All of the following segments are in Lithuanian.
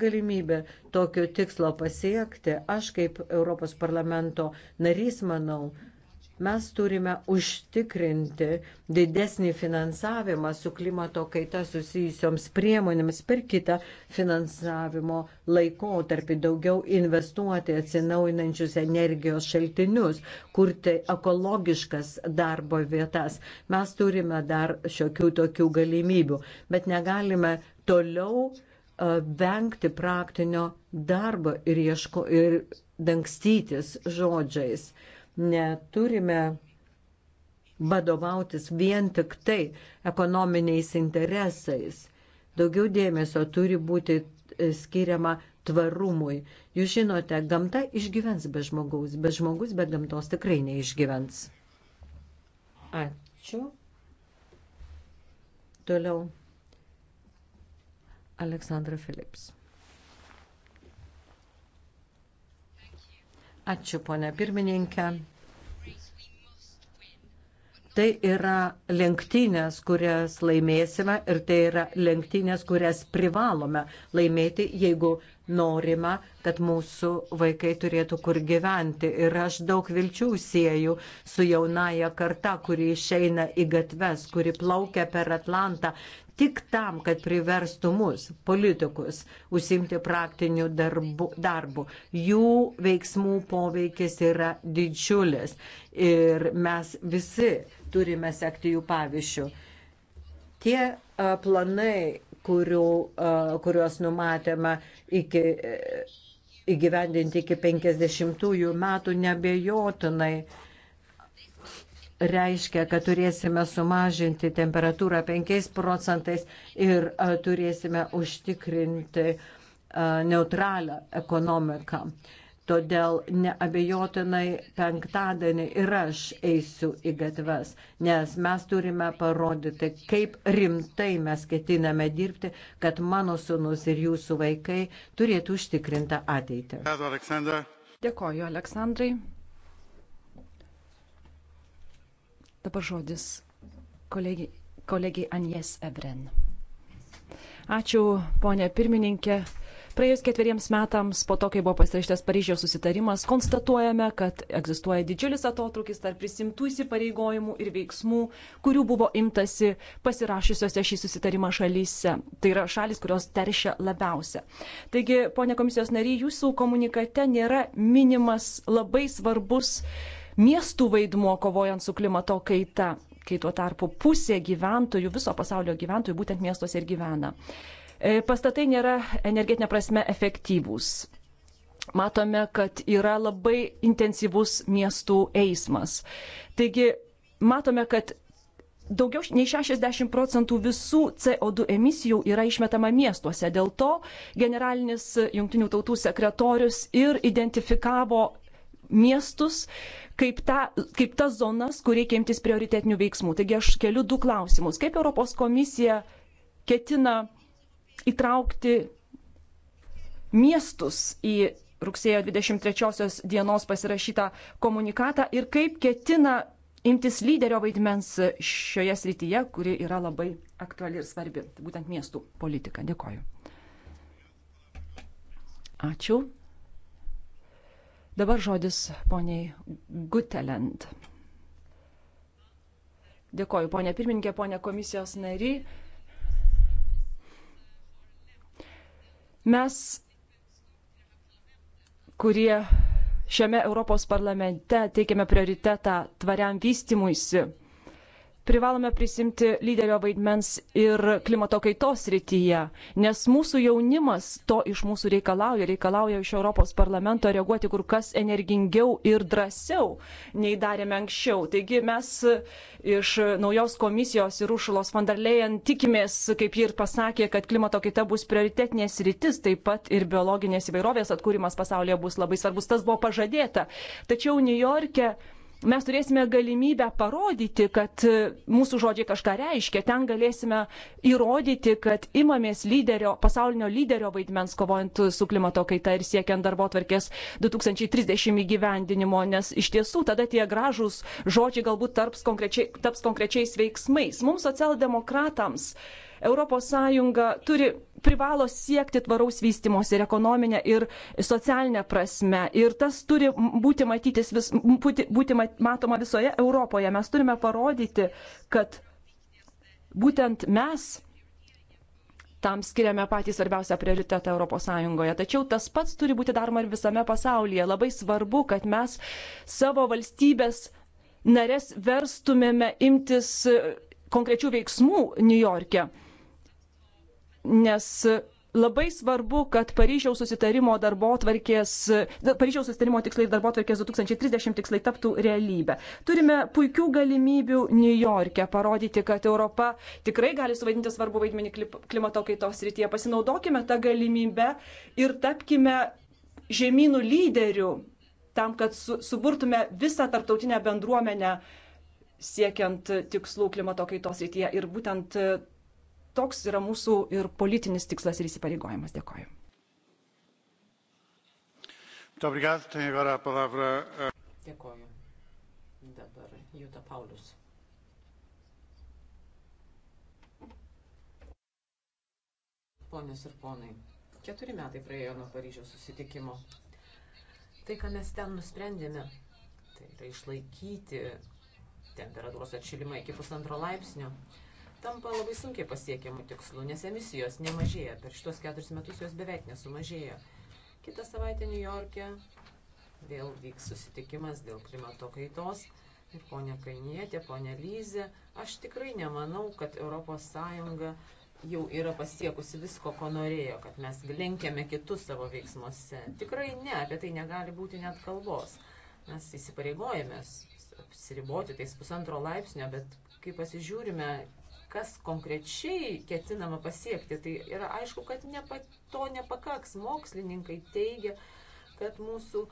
galimybė tokio tikslo pasiekti, aš kaip Europos parlamento narys manau, mes turime užtikrinti didesnį finansavimą su klimato kaita susijusioms priemonėms per kitą finansavimo laikotarpį, daugiau investuoti atsinaujinančius energijos šaltinius, kurti ekologiškas darbo vietas. Mes turime dar šiokių tokių galimybių, bet negalime toliau E, vengti praktinio darbo ir, ieško, ir dangstytis žodžiais. Neturime vadovautis vien tik tai ekonominiais interesais. Daugiau dėmesio turi būti e, skiriama tvarumui. Jūs žinote, gamta išgyvens be žmogaus, bet žmogus be gamtos tikrai neišgyvens. Ačiū. Toliau Aleksandra Philips. Ačiū, ponia pirmininkė. Tai yra lenktynės, kurias laimėsime ir tai yra lenktynės, kurias privalome laimėti, jeigu norima, kad mūsų vaikai turėtų kur gyventi. Ir aš daug vilčių sieju su jaunaja karta, kuri išeina į gatves, kuri plaukia per Atlantą, tik tam, kad priverstų mus, politikus, užsimti praktiniu darbu. darbu. Jų veiksmų poveikis yra didžiulis ir mes visi turime sekti jų pavyzdžių. Tie planai kurių, kuriuos numatėme iki, e, įgyvendinti iki 50 metų, nebejotinai reiškia, kad turėsime sumažinti temperatūrą 5 procentais ir turėsime užtikrinti neutralią ekonomiką. Todėl neabejotinai penktadienį ir aš eisiu į gatves, nes mes turime parodyti, kaip rimtai mes ketiname dirbti, kad mano sunus ir jūsų vaikai turėtų užtikrintą ateitį. Dėkoju, Aleksandrai. Dabar žodis kolegiai Anjes Evren. Ačiū, ponė pirmininkė. Praėjus ketveriems metams po to, kai buvo pasirašytas Paryžiaus susitarimas, konstatuojame, kad egzistuoja didžiulis atotrukis tarp prisimtų įsipareigojimų ir veiksmų, kurių buvo imtasi pasirašysiuose šį susitarimą šalyse. Tai yra šalis, kurios teršia labiausia. Taigi, ponė komisijos nariai, jūsų komunikate nėra minimas labai svarbus miestų vaidmuo kovojant su klimato kaita kai tuo tarpu pusė gyventojų, viso pasaulio gyventojų būtent miestuose ir gyvena. E, pastatai nėra energetinė prasme efektyvūs. Matome, kad yra labai intensyvus miestų eismas. Taigi matome, kad daugiau nei 60 procentų visų CO2 emisijų yra išmetama miestuose. Dėl to generalinis jungtinių tautų sekretorius ir identifikavo miestus kaip, ta, kaip tas zonas, kur reikia imtis prioritetinių veiksmų. Taigi aš keliu du klausimus. Kaip Europos komisija ketina įtraukti miestus į rugsėjo 23 dienos pasirašytą komunikatą ir kaip ketina imtis lyderio vaidmens šioje srityje, kuri yra labai aktuali ir svarbi, būtent miestų politika. Dėkoju. Ačiū. Dabar žodis poniai Gutelend. Dėkoju, ponė pirmininkė, ponė komisijos nariai. Mes, kurie šiame Europos parlamente teikiame prioritetą tvariam vystimuisi, privalome prisimti lyderio vaidmens ir klimato kaitos rytyje, nes mūsų jaunimas to iš mūsų reikalauja, reikalauja iš Europos parlamento reaguoti kur kas energingiau ir drąsiau, nei darėme anksčiau. Taigi mes iš naujos komisijos ir užšalos van der Leyen tikimės, kaip ji ir pasakė, kad klimato kaita bus prioritetinės rytis, taip pat ir biologinės įvairovės atkūrimas pasaulyje bus labai svarbus. Tas buvo pažadėta. Tačiau New York'e mes turėsime galimybę parodyti, kad e, mūsų žodžiai kažką reiškia. Ten galėsime įrodyti, kad imamės lyderio, pasaulinio lyderio vaidmens kovojant su klimato kaita ir siekiant darbo tvarkės 2030 įgyvendinimo, nes iš tiesų tada tie gražūs žodžiai galbūt taps, konkrečiai, taps konkrečiais veiksmais. Mums socialdemokratams ES turi privalo siekti tvaraus vystimosi ir ekonominė, ir socialinė prasme. Ir tas turi būti, matytis, vis, būti, būti matoma visoje Europoje. Mes turime parodyti, kad būtent mes tam skiriame patį svarbiausią prioritetą ES. Tačiau tas pats turi būti daroma ir visame pasaulyje. Labai svarbu, kad mes savo valstybės narės verstumėme imtis e, konkrečių veiksmų Niujorke nes labai svarbu, kad Paryžiaus susitarimo darbo atvarkės, Paryžiaus susitarimo tikslai ir darbo atvarkės 2030 tikslai taptų realybę. Turime puikių galimybių New York'e parodyti, kad Europa tikrai gali suvaidinti svarbu vaidmenį klimato kaitos rytyje. Pasinaudokime tą galimybę ir tapkime žemynų lyderių tam, kad su, suburtume visą tarptautinę bendruomenę siekiant tikslų klimato kaitos rytyje. Ir būtent toks yra mūsų ir politinis tikslas ir įsipareigojimas. Dėkoju. Eh, Dėkoju. Dabar Jūta Paulius. Ponios ir ponai, keturi metai praėjo nuo Paryžiaus susitikimo. Tai, ką mes ten nusprendėme, tai yra išlaikyti temperatūros atšilimą iki pusantro laipsnio, tampa labai sunkiai pasiekiamų tikslų, nes emisijos nemažėja. Per šitos keturis metus jos beveik nesumažėjo. Kita savaitė New York'e vėl vyks susitikimas dėl klimato kaitos. Ir ponia Kainietė, ponia Lyze, aš tikrai nemanau, kad ES jau yra pasiekusi visko, ko norėjo, kad mes lenkėme kitus savo veiksmuose. Tikrai ne, apie tai negali būti net kalbos. Mes įsipareigojame apsiriboti tais pusantro laipsnio, bet kai pasižiūrime, kas konkrečiai ketinama pasiekti. Tai yra aišku, kad nepa, to nepakaks. Mokslininkai teigia, kad mūsų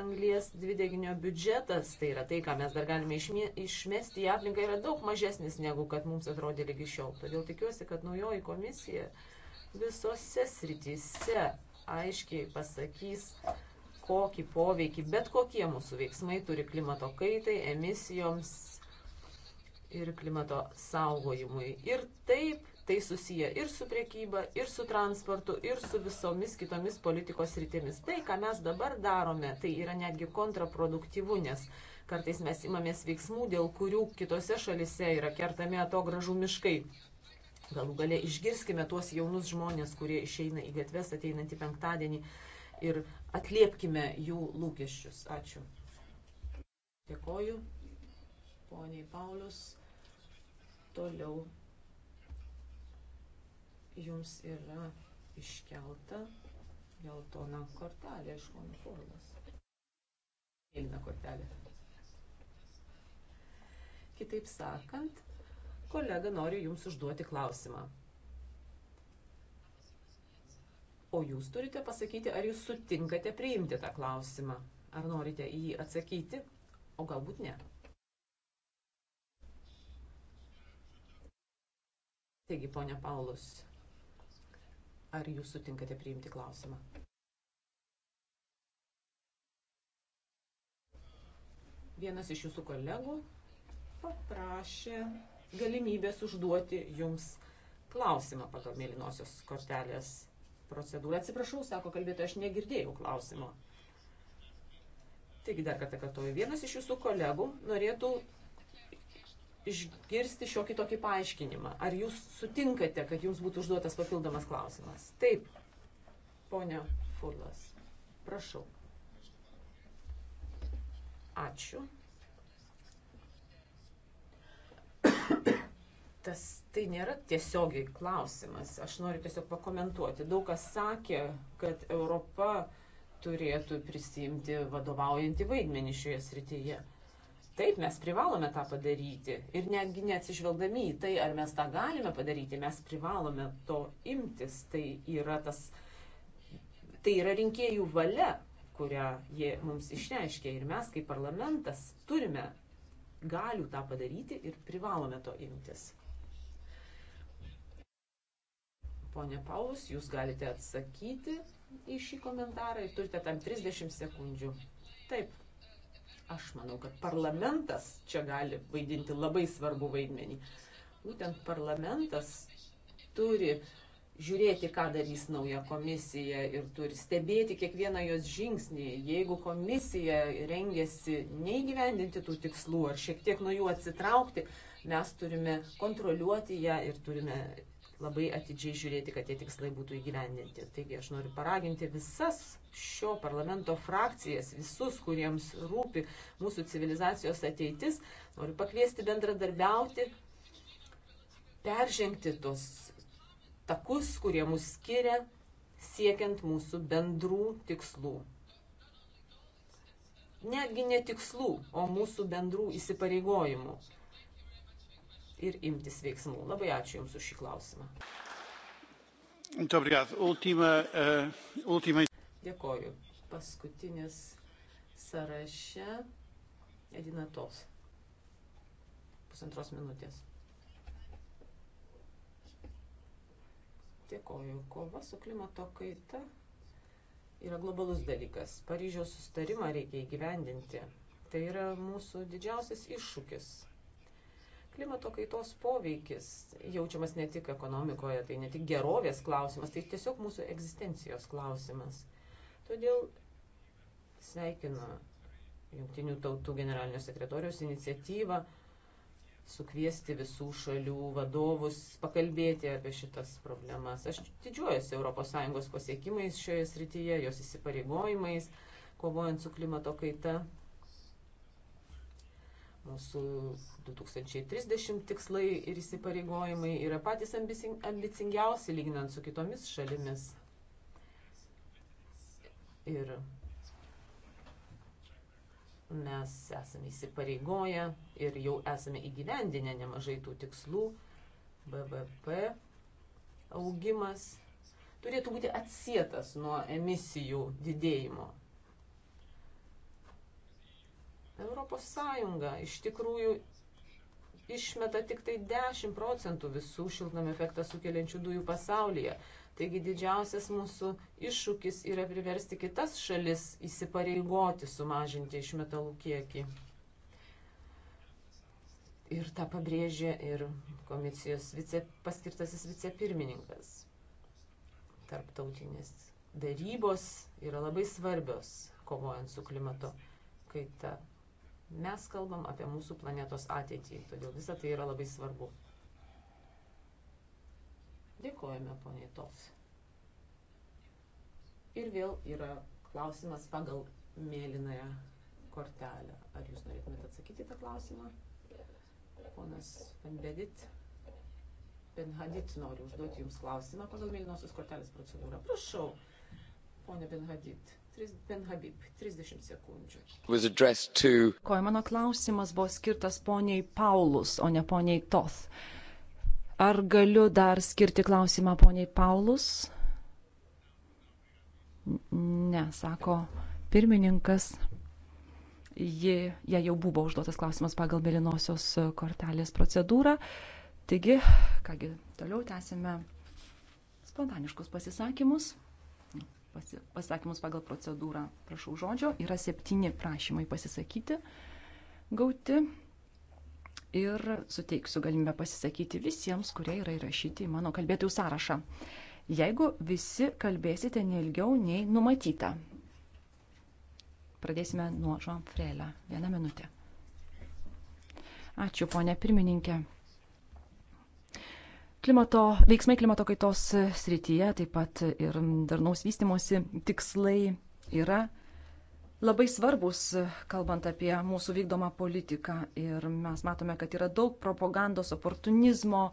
anglies dvideginio biudžetas, tai yra tai, ką mes dar galime išmesti į aplinką, yra daug mažesnis negu kad mums atrodė lygi šiol. Todėl tikiuosi, kad naujoji komisija visose srityse aiškiai pasakys, kokį poveikį bet kokie mūsų veiksmai turi klimato kaitai, emisijoms, ir klimato saugojimui. Ir taip tai susiję ir su priekyba, ir su transportu, ir su visomis kitomis politikos rytimis. Tai, ką mes dabar darome, tai yra netgi kontraproduktyvu, nes kartais mes imamės veiksmų, dėl kurių kitose šalise yra kertami atogražų miškai. Galų gale išgirskime tuos jaunus žmonės, kurie išeina į gatves ateinantį penktadienį ir atliepkime jų lūkesčius. Ačiū. Dėkoju poniai Paulius. Toliau jums yra iškelta geltona kortelė iš mano porlas. Mėlyna kortelė. Kitaip sakant, kolega nori jums užduoti klausimą. O jūs turite pasakyti, ar jūs sutinkate priimti tą klausimą, ar norite į jį atsakyti, o galbūt ne. Taigi, ponia Paulus, ar jūs sutinkate priimti klausimą? Vienas iš jūsų kolegų paprašė galimybės užduoti jums klausimą pagal mėlynosios kortelės procedūrą. Atsiprašau, sako kalbėtoja, aš negirdėjau klausimo. Taigi dar kartą kartoju, vienas iš jūsų kolegų norėtų išgirsti šiokį tokį paaiškinimą. Ar jūs sutinkate, kad jums būtų užduotas papildomas klausimas? Taip, ponia Furlas. Prašau. Ačiū. Tas tai nėra tiesiogiai klausimas. Aš noriu tiesiog pakomentuoti. Daug kas sakė, kad Europa turėtų prisimti vadovaujantį vaidmenį šioje srityje. Taip, mes privalome tą padaryti. Ir netgi neatsižvelgdami į tai, ar mes tą galime padaryti, mes privalome to imtis. Tai yra, tas, tai yra rinkėjų valia, kurią jie mums išreiškia. Ir mes kaip parlamentas turime galių tą padaryti ir privalome to imtis. Pone Paulus, jūs galite atsakyti į šį komentarą ir turite tam 30 sekundžių. Taip, Aš manau, kad parlamentas čia gali vaidinti labai svarbu vaidmenį. Būtent parlamentas turi žiūrėti, ką darys nauja komisija ir turi stebėti kiekvieną jos žingsnį. Jeigu komisija rengiasi neįgyvendinti tų tikslų ar šiek tiek nuo jų atsitraukti, mes turime kontroliuoti ją ir turime labai atidžiai žiūrėti, kad tie tikslai būtų įgyvendinti. Taigi aš noriu paraginti visas šio parlamento frakcijas, visus, kuriems rūpi mūsų civilizacijos ateitis, noriu pakviesti bendradarbiauti, peržengti tos takus, kurie mus skiria, siekiant mūsų bendrų tikslų netgi ne tikslų, o mūsų bendrų įsipareigojimų ir imtis veiksmų. Labai ačiū Jums už šį klausimą. Ultima, uh, eh, ultima... Dėkoju. Paskutinis sąraše Edina Tos. Pusantros minutės. Dėkoju. Kova su klimato kaita yra globalus dalykas. Paryžiaus sustarimą reikia įgyvendinti. Tai yra mūsų didžiausias iššūkis Klimato kaitos poveikis jaučiamas ne tik ekonomikoje, tai ne tik gerovės klausimas, tai tiesiog mūsų egzistencijos klausimas. Todėl sveikinu Junktinių tautų generalinio sekretorijos iniciatyvą sukviesti visų šalių vadovus, pakalbėti apie šitas problemas. Aš didžiuojuosi ES pasiekimais šioje srityje, jos įsipareigojimais, kovojant su klimato kaita Mūsų 2030 tikslai ir įsipareigojimai yra patys ambicingiausi lyginant su kitomis šalimis. Ir mes esame įsipareigoję ir jau esame įgyvendinę nemažai tų tikslų. BVP augimas turėtų būti atsietas nuo emisijų didėjimo. Europos Sąjunga iš tikrųjų išmeta tik tai 10 procentų visų šiltnamio efektą sukeliančių dujų pasaulyje. Taigi didžiausias mūsų iššūkis yra priversti kitas šalis įsipareigoti sumažinti išmetalų kiekį. Ir tą pabrėžė ir komisijos vice, paskirtasis vicepirmininkas. Tarptautinės darybos yra labai svarbios kovojant su klimato kaita. Mes kalbam apie mūsų planetos ateitį, todėl visa tai yra labai svarbu. Dėkojame, poniai Tovs. Ir vėl yra klausimas pagal mėlynąją kortelę. Ar jūs norėtumėte atsakyti tą klausimą? Ponas Vanbedit. Ben Hadid nori užduoti jums klausimą pagal mėlynosios kortelės procedūrą. Prašau, ponė Ben Hadid. Ben Habib, 30 sekundžių. To... Koj, mano klausimas buvo skirtas poniai Paulus, o ne poniai Toth. Ar galiu dar skirti klausimą poniai Paulus? Ne, sako pirmininkas. Ji, jai jau buvo užduotas klausimas pagal mėlynosios kortelės procedūrą. Taigi, kągi, toliau tęsime spontaniškus pasisakymus pasisakymus pagal procedūrą. Prašau žodžio, yra septyni prašymai pasisakyti, gauti ir suteiksiu galimybę pasisakyti visiems, kurie yra įrašyti į mano kalbėtojų sąrašą. Jeigu visi kalbėsite neilgiau nei numatyta. Pradėsime nuo Jean Frelę. Vieną minutę. Ačiū, ponė pirmininkė. Klimato, veiksmai klimato kaitos e, srityje, taip pat ir darnaus vystimosi tikslai yra labai svarbus, e, kalbant apie mūsų vykdomą politiką. Ir mes matome, kad yra daug propagandos, oportunizmo.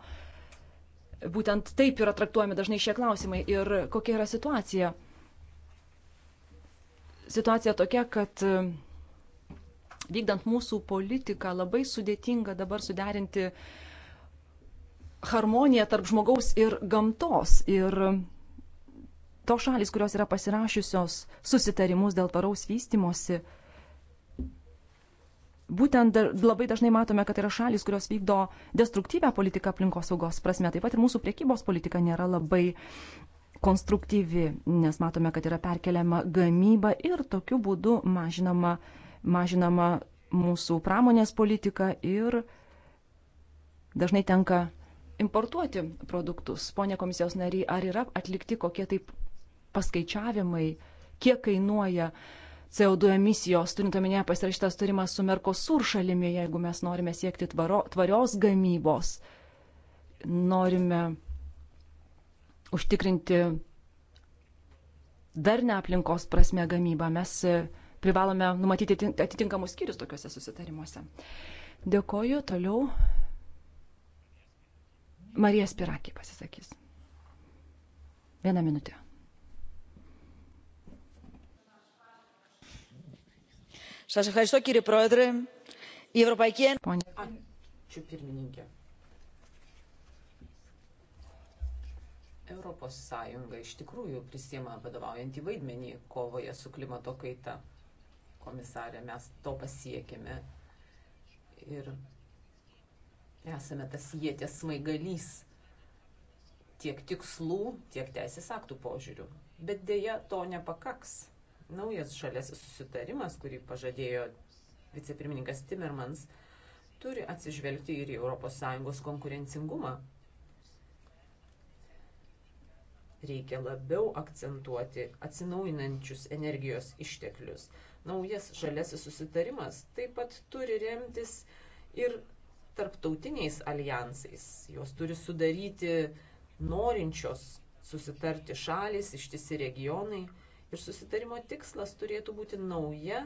Būtent taip yra traktuojami dažnai šie klausimai. Ir kokia yra situacija? Situacija tokia, kad e, vykdant mūsų politiką labai sudėtinga dabar suderinti uh, harmonija tarp žmogaus ir gamtos. Ir tos šalis, kurios yra pasirašiusios susitarimus dėl tvaraus vystimosi, būtent dar, labai dažnai matome, kad yra šalis, kurios vykdo destruktyvę politiką aplinkosaugos prasme. Taip pat ir mūsų priekybos politika nėra labai konstruktyvi, nes matome, kad yra perkeliama gamyba ir tokiu būdu mažinama, mažinama mūsų pramonės politika ir dažnai tenka importuoti produktus. Pone komisijos nariai, ar yra atlikti kokie taip paskaičiavimai, kiek kainuoja CO2 emisijos, turint omenyje pasirašytą sutarimą su Merkosur šalimi, jeigu mes norime siekti tvaro, tvarios gamybos, norime užtikrinti darnę aplinkos prasme gamybą, mes privalome numatyti atitinkamus skyrius tokiuose susitarimuose. Dėkoju, toliau Marija Spirakė pasisakys. Vieną minutę. Σας ευχαριστώ κύριε Πρόεδρε. Η Ευρωπαϊκή Ένωση... Ačiū pirmininkė. Europos Sąjunga iš tikrųjų prisima vadovaujantį vaidmenį kovoje su klimato kaita. Komisarė, mes to pasiekėme ir Esame tas jėtės smaigalys tiek tikslų, tiek teisės aktų požiūrių. Bet dėja to nepakaks. Naujas šalės susitarimas, kurį pažadėjo vicepirmininkas Timmermans, turi atsižvelgti ir į ES konkurencingumą. Reikia labiau akcentuoti atsinaujinančius energijos išteklius. Naujas šalėsis susitarimas taip pat turi remtis ir tarptautiniais alijansais. Jos turi sudaryti norinčios susitarti šalis, ištisi regionai. Ir susitarimo tikslas turėtų būti nauja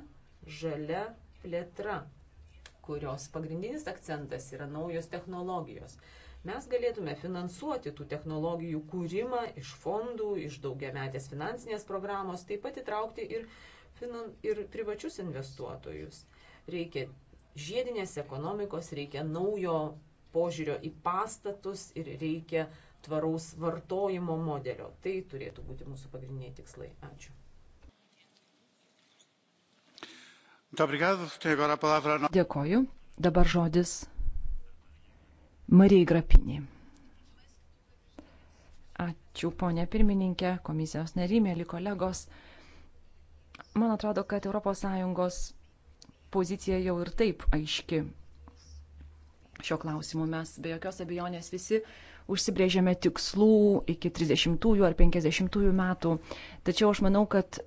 žalia plėtra, kurios pagrindinis akcentas yra naujos technologijos. Mes galėtume finansuoti tų technologijų kūrimą iš fondų, iš daugiametės finansinės programos, taip pat įtraukti ir, finan, ir privačius investuotojus. Reikia žiedinės ekonomikos, reikia naujo požiūrio į pastatus ir reikia tvaraus vartojimo modelio. Tai turėtų būti mūsų pagrindiniai tikslai. Ačiū. Dėkoju. Dabar žodis Marijai Grapinį. Ačiū, ponė pirmininkė, komisijos narymė, liko kolegos. Man atrodo, kad ES pozicija jau ir taip aiški. Šio klausimu mes be jokios abejonės visi užsibrėžėme tikslų iki 30 ar 50 metų. Tačiau aš manau, kad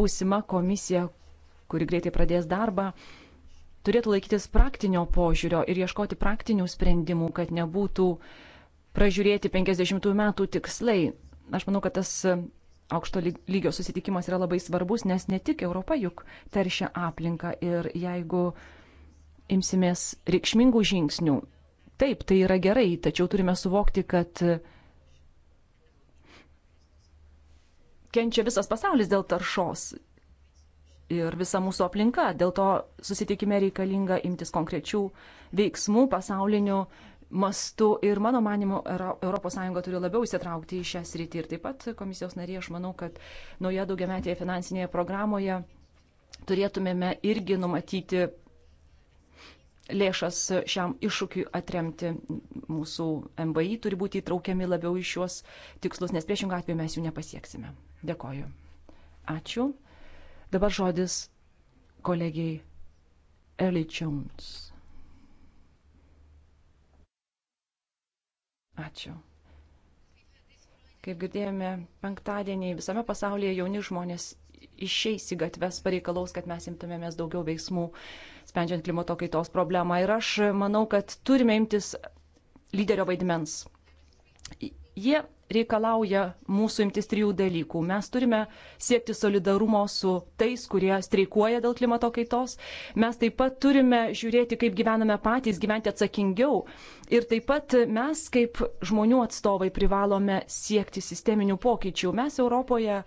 būsima komisija, kuri greitai pradės darbą, turėtų laikytis praktinio požiūrio ir ieškoti praktinių sprendimų, kad nebūtų pražiūrėti 50 metų tikslai. Aš manau, kad tas aukšto lygio susitikimas yra labai svarbus, nes ne tik Europa juk teršia aplinką ir jeigu imsimės reikšmingų žingsnių, taip, tai yra gerai, tačiau turime suvokti, kad kenčia visas pasaulis dėl taršos ir visa mūsų aplinka. Dėl to susitikime reikalinga imtis konkrečių veiksmų pasauliniu mastu ir mano manimu ES turi labiau įsitraukti į šią sritį ir taip pat komisijos narė, aš manau, kad nauja daugiametėje finansinėje programoje turėtumėme irgi numatyti lėšas šiam iššūkiui atremti. Mūsų MBI turi būti įtraukiami labiau į šiuos tikslus, nes priešingą atveju mes jų nepasieksime. Dėkoju. Ačiū. Dabar žodis kolegijai Ellie Jones. Ačiū. Kaip girdėjome, penktadienį visame pasaulyje jauni žmonės išeis į gatves pareikalaus, kad mes imtumėmės daugiau veiksmų, sprendžiant klimato kaitos problemą. Ir aš manau, kad turime imtis lyderio vaidmens. Jie reikalauja mūsų imtis trijų dalykų. Mes turime siekti solidarumo su tais, kurie streikuoja dėl klimato kaitos. Mes taip pat turime žiūrėti, kaip gyvename patys, gyventi atsakingiau. Ir taip pat mes, kaip žmonių atstovai, privalome siekti sisteminių pokyčių. Mes Europoje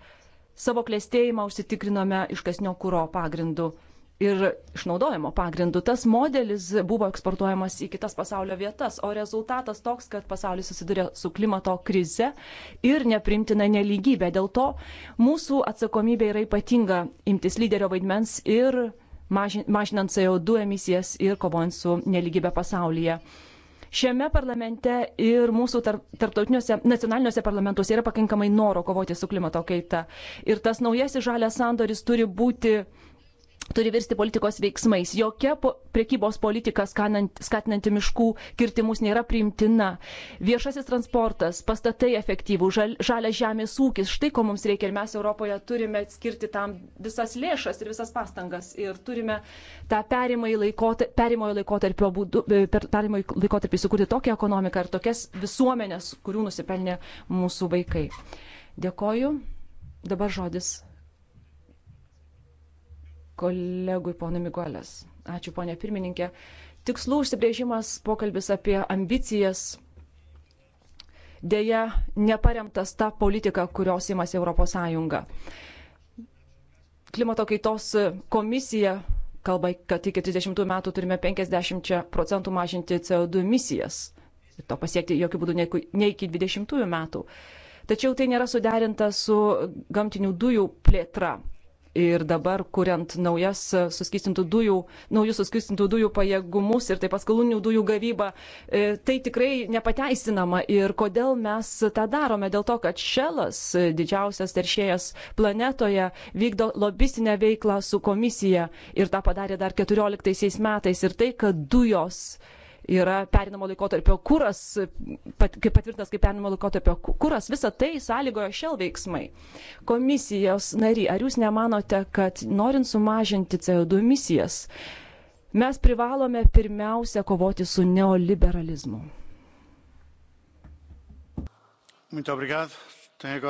savo klėstėjimą užsitikrinome iškasnio kūro pagrindu ir išnaudojimo pagrindu. Tas modelis buvo eksportuojamas į kitas pasaulio vietas, o rezultatas toks, kad pasaulis susiduria su klimato krize ir neprimtina neligybė. Dėl to mūsų atsakomybė yra ypatinga imtis lyderio vaidmens ir mažinant CO2 emisijas ir kovojant su neligybė pasaulyje. Šiame parlamente ir mūsų tarptautiniuose nacionaliniuose parlamentuose yra pakankamai noro kovoti su klimato kaita. Ir tas naujasis žalias sandoris turi būti uh, turi virsti politikos veiksmais. Jokia po, priekybos politika skanant, skatinanti miškų kirtimus nėra priimtina. Viešasis transportas, pastatai efektyvų, žal, žalia žemės ūkis, štai ko mums reikia ir mes Europoje turime skirti tam visas lėšas ir visas pastangas ir turime tą laikotą, perimojo laikotarpio būdu, e, per perimojo laikotarpį sukurti tokią ekonomiką ir tokias visuomenės, kurių nusipelnė mūsų vaikai. Dėkoju. Dabar žodis kolegui ponui Miguelės. Ačiū, ponė pirmininkė. Tikslų užsibrėžimas, pokalbis apie ambicijas, dėja neparemtas ta politika, kurios įmasi ES. Klimato kaitos komisija kalba, kad iki 30 metų turime 50 procentų mažinti CO2 emisijas. Ir to pasiekti jokių būdų ne iki 20 metų. Tačiau tai nėra suderinta su gamtinių dujų plėtra. Ir dabar, kuriant naujas suskistintų dujų, naujus suskistintų dujų pajėgumus ir taip paskalūnių dujų gavybą, e, tai tikrai nepateisinama. Ir kodėl mes tą darome? Dėl to, kad šelas, didžiausias teršėjas planetoje, vykdo lobistinę veiklą su komisija ir tą padarė dar 14 metais. Ir tai, kad dujos yra perinamo laikotarpio kuras, pat, kaip patvirtintas kaip perinamo laikotarpio kuras, visa tai sąlygoja šel veiksmai. Komisijos nariai, ar jūs nemanote, kad norint sumažinti CO2 emisijas, mes privalome pirmiausia kovoti su neoliberalizmu? Eh,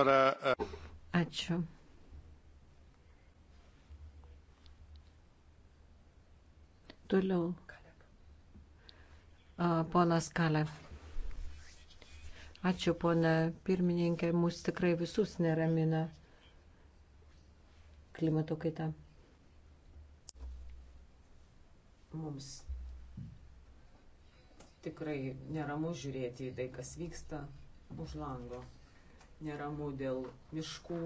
Ačiū. Toliau Ponas Kalev. Ačiū, ponė pirmininkė, mus tikrai visus neramina klimato kaita. Mums tikrai neramu žiūrėti į tai, kas vyksta už lango. Neramu dėl miškų,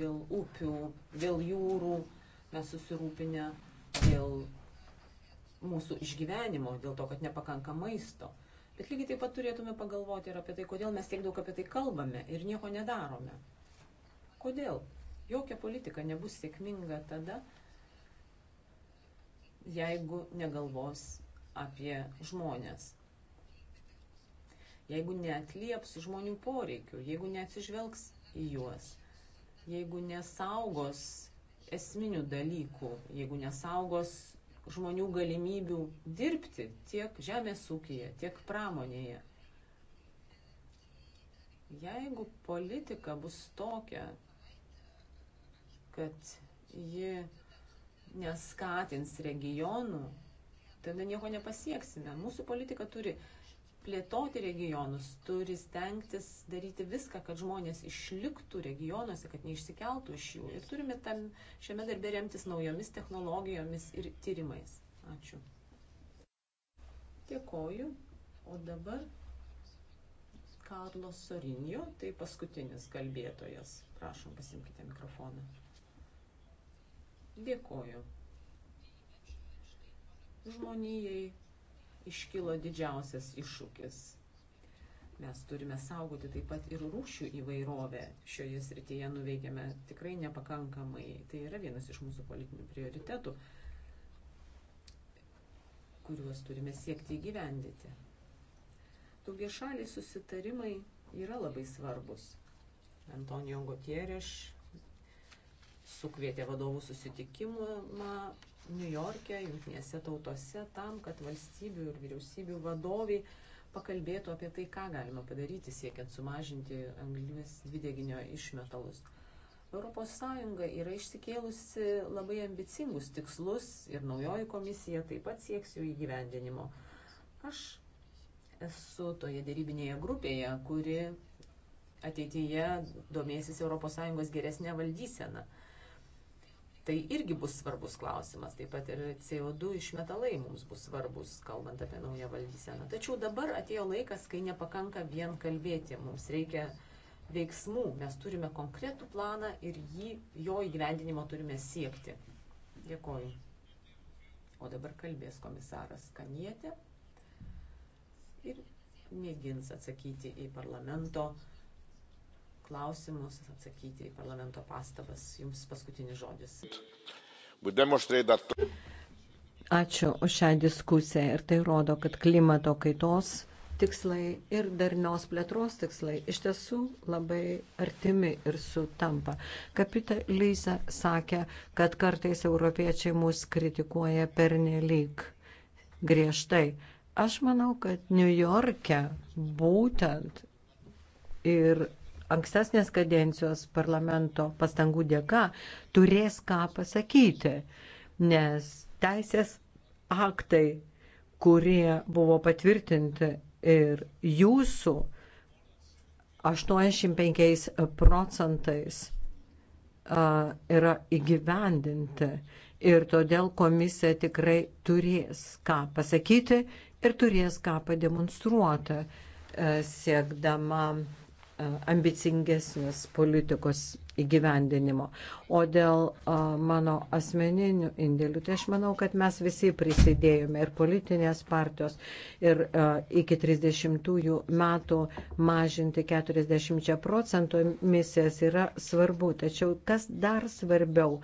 dėl upių, dėl jūrų. Mes susirūpinę dėl mūsų išgyvenimo, dėl to, kad nepakanka maisto. Bet lygiai taip pat turėtume pagalvoti ir apie tai, kodėl mes tiek daug apie tai kalbame ir nieko nedarome. Kodėl? Jokia politika nebus sėkminga tada, jeigu negalvos apie žmonės. Jeigu neatlieps žmonių poreikių, jeigu neatsižvelgs į juos, jeigu nesaugos esminių dalykų, jeigu nesaugos žmonių galimybių dirbti tiek žemės ūkija, tiek pramonėje. Jeigu politika bus tokia, kad ji neskatins regionų, tada nieko nepasieksime. Mūsų politika turi plėtoti regionus, turi stengtis daryti viską, kad žmonės išliktų regionuose, kad neišsikeltų iš jų. Ir turime tam, šiame darbe remtis naujomis technologijomis ir tyrimais. Ačiū. Dėkoju. O dabar Karlos Sorinio, tai paskutinis kalbėtojas. Prašom, pasimkite mikrofoną. Dėkoju. Žmonijai iškilo didžiausias iššūkis. Mes turime saugoti taip pat ir rūšių įvairovę. Šioje srityje nuveikiame tikrai nepakankamai. Tai yra vienas iš mūsų politinių prioritetų, kuriuos turime siekti įgyvendyti. Daugie šaliai susitarimai yra labai svarbus. Antonijo Gutierreš sukvietė vadovų susitikimą New York'e, jungtinėse tautose, tam, kad valstybių ir vyriausybių vadoviai pakalbėtų apie tai, ką galima padaryti siekiant sumažinti anglimis dvideginio išmetalus. ES yra išsikėlusi labai ambicingus tikslus ir naujoji komisija taip pat sieks jų įgyvendinimo. Aš esu toje dėrybinėje grupėje, kuri ateityje domėsis ES geresnė valdysena. Tai irgi bus svarbus klausimas, taip pat ir CO2 išmetalai mums bus svarbus, kalbant apie naują valdyseną. Tačiau dabar atėjo laikas, kai nepakanka vien kalbėti, mums reikia veiksmų, mes turime konkretų planą ir jį, jo įgyvendinimo turime siekti. Dėkoju. O dabar kalbės komisaras Kanietė ir mėgins atsakyti į parlamento klausimus, atsakyti į parlamento pastabas. Jums paskutinis žodis. Ačiū už šią diskusiją ir tai rodo, kad klimato kaitos tikslai ir darnios plėtros tikslai iš tiesų labai artimi ir sutampa. Kapita Lyza sakė, kad kartais europiečiai mus kritikuoja pernelyg griežtai. Aš manau, kad Niujorke būtent ir ankstesnės kadencijos parlamento pastangų dėka turės ką pasakyti, nes teisės aktai, kurie buvo patvirtinti ir jūsų 85 procentais yra įgyvendinti ir todėl komisija tikrai turės ką pasakyti ir turės ką pademonstruoti e, siekdama ambicingesnės politikos įgyvendinimo. O dėl mano asmeninių indėlių, tai aš manau, kad mes visi prisidėjome ir politinės partijos ir iki 30-ųjų metų mažinti 40 procentų misijas yra svarbu. Tačiau kas dar svarbiau,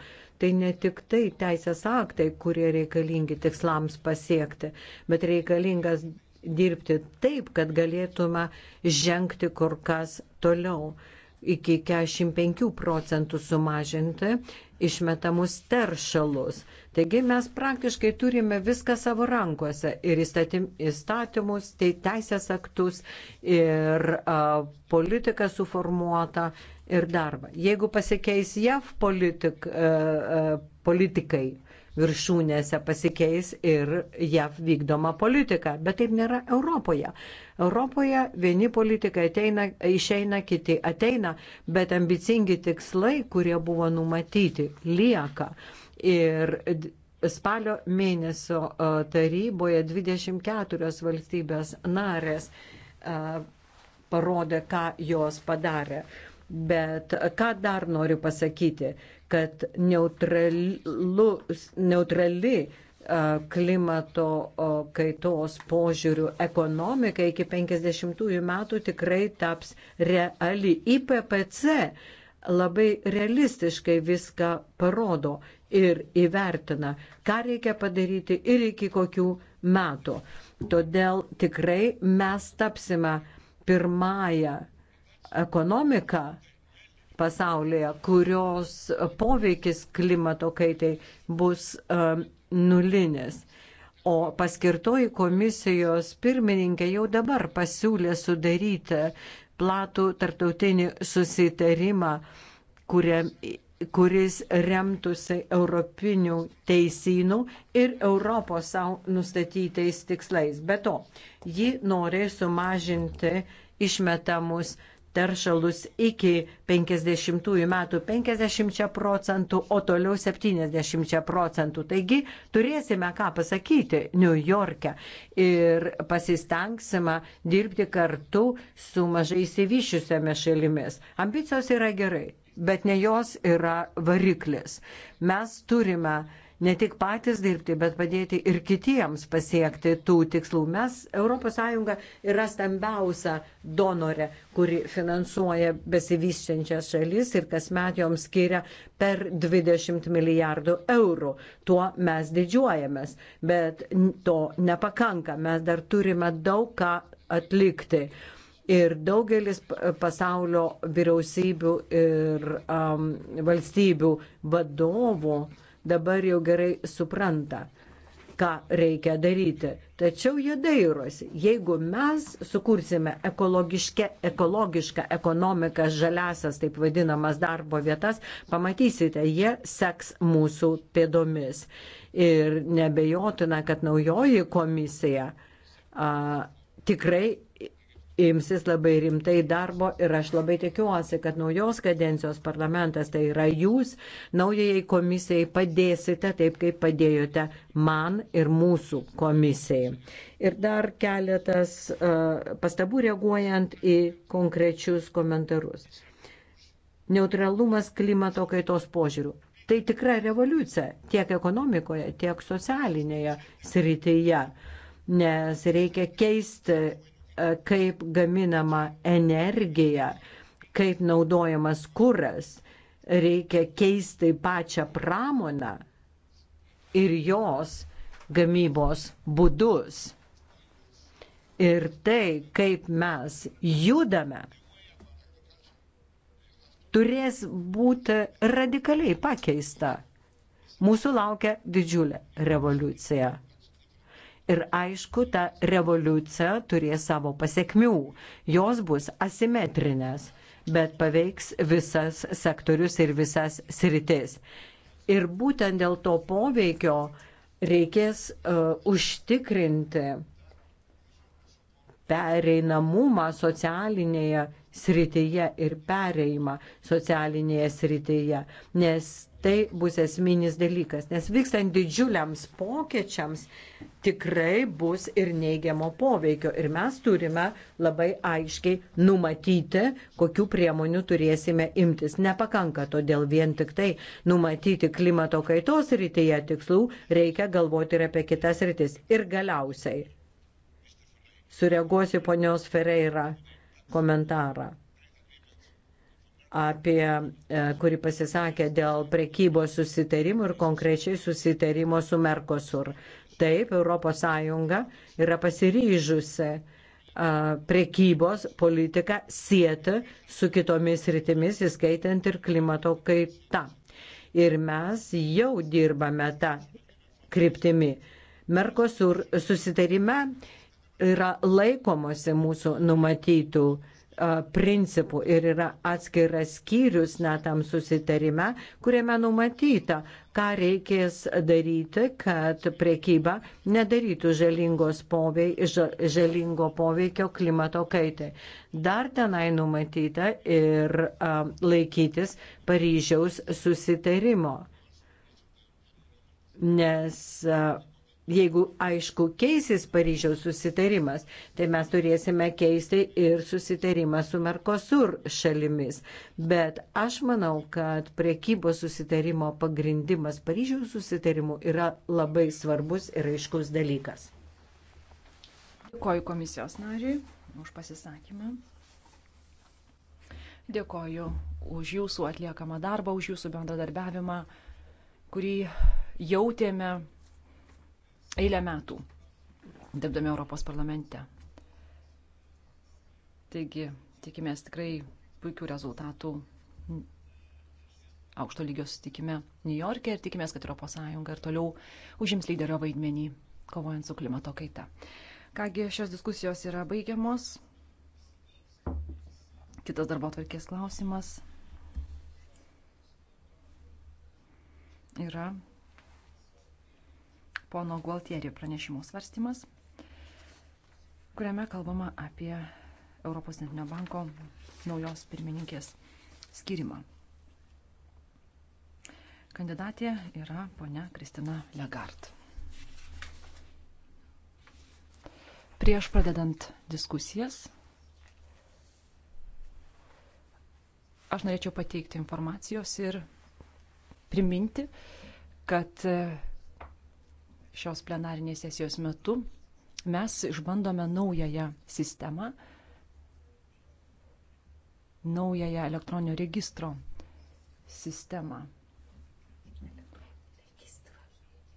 tai ne tik tai teisės aktai, kurie reikalingi tikslams pasiekti, bet reikalingas dirbti taip, kad galėtume žengti kur kas toliau iki 45 procentų sumažinti išmetamus teršalus. Taigi mes praktiškai turime viską savo rankose ir įstatymus, tai teisės aktus ir a, politiką suformuotą ir darbą. Jeigu pasikeis JAV politik, a, a, politikai, viršūnėse pasikeis ir JAV vykdoma politika. Bet taip nėra Europoje. Europoje vieni politikai ateina, išeina, kiti ateina, bet ambicingi tikslai, kurie buvo numatyti, lieka. Ir spalio mėnesio taryboje 24 valstybės narės parodė, ką jos padarė. Bet ką dar noriu pasakyti, kad neutralu, neutrali klimato kaitos požiūrių ekonomika iki 50 metų tikrai taps reali. IPPC labai realistiškai viską parodo ir įvertina, ką reikia padaryti ir iki kokių metų. Todėl tikrai mes tapsime pirmąją ekonomiką pasaulyje, kurios poveikis klimato kaitai bus um, nulinis. O paskirtoji komisijos pirmininkė jau dabar pasiūlė sudaryti platų tartautinį susitarimą, kuria, kuris remtųsi europinių teisynų ir Europos savo nustatytais tikslais. Be to, ji nori sumažinti išmetamus uh, teršalus iki 50 metų 50 procentų, o toliau 70 procentų. Taigi turėsime ką pasakyti New York'e ir pasistengsime dirbti kartu su mažai įsivyšiusiamis šalimis. Ambicijos yra gerai, bet ne jos yra variklis. Mes turime uh, ne tik patys dirbti, bet padėti ir kitiems pasiekti tų tikslų. Mes, ES yra stambiausia donorė, kuri finansuoja besivyščiančias šalis ir kasmet joms skiria per 20 milijardų eurų. Tuo mes didžiuojamės, bet to nepakanka. Mes dar turime daug ką atlikti. Ir daugelis pasaulio vyriausybių ir um, valstybių vadovų uh, dabar jau gerai supranta, ką reikia daryti. Tačiau jie dairosi, jeigu mes sukursime ekologišką ekonomiką, žaliasias, taip vadinamas darbo vietas, pamatysite, jie seks mūsų pėdomis. Ir nebejotina, kad naujoji komisija a, tikrai imsis labai rimtai darbo ir aš labai tikiuosi, kad naujos kadencijos parlamentas, tai yra jūs, naujai komisijai padėsite taip, kaip padėjote man ir mūsų komisijai. Ir dar keletas uh, pastabų reaguojant į konkrečius komentarus. Neutralumas klimato kaitos požiūrių. Tai tikra revoliucija tiek ekonomikoje, tiek socialinėje srityje, nes reikia keisti kaip gaminama energija, kaip naudojamas kuras, reikia keisti pačią pramoną ir jos gamybos būdus. Ir tai, kaip mes judame, turės būti radikaliai pakeista. Mūsų laukia didžiulė revoliucija. Ir aišku, ta revoliucija turės savo pasiekmių. Jos bus asimetrinės, bet paveiks visas sektorius ir visas sritis. Ir būtent dėl to poveikio reikės uh, užtikrinti pereinamumą socialinėje srityje ir pereimą socialinėje srityje, nes tai bus esminis dalykas, nes vykstant didžiuliams pokėčiams tikrai bus ir neigiamo poveikio. Ir mes turime labai aiškiai numatyti, kokiu priemonių turėsime imtis. Nepakanka todėl vien tik tai numatyti klimato kaitos rytyje tikslų, reikia galvoti ir apie kitas rytis. Ir galiausiai sureaguosiu ponios Ferreira komentarą apie, e, kuri pasisakė dėl prekybos susitarimų ir konkrečiai susitarimo su Merkosur. Taip, ES yra pasiryžusi e, prekybos politiką sieti su kitomis rytimis, įskaitant ir klimato kaitą. Ir mes jau dirbame tą kryptimį. Merkosur susitarime yra laikomosi mūsų numatytų uh, principų ir yra atskiras skyrius netam susitarime, kuriame numatyta, ką reikės daryti, kad priekyba nedarytų povei, žalingo poveikio klimato kaitai. Dar tenai numatyta ir a, laikytis Paryžiaus susitarimo, nes a, jeigu aišku keisis Paryžiaus susitarimas, tai mes turėsime keisti ir susitarimą su Merkosur šalimis. Bet aš manau, kad priekybos susitarimo pagrindimas Paryžiaus susitarimu yra labai svarbus ir aiškus dalykas. Dėkoju komisijos nariui už pasisakymą. Dėkoju už jūsų atliekamą darbą, už jūsų bendradarbiavimą, kurį jautėme eilę metų, dirbdami Europos parlamente. Taigi, tikimės tikrai puikių rezultatų aukšto lygio susitikime New York'e ir tikimės, kad ES ir toliau užims lyderio vaidmenį kovojant su klimato kaita. Kągi, šios diskusijos yra baigiamos. Kitas darbo atvarkės klausimas yra pono Gualtieri pranešimų svarstymas, kuriame kalbama apie Europos Centrinio banko naujos pirmininkės skirimą. Kandidatė yra ponia Kristina Legard. Prieš pradedant diskusijas, aš norėčiau pateikti informacijos ir priminti, kad šios plenarinės sesijos metu mes išbandome naująją sistemą, naująją elektroninio registro sistemą.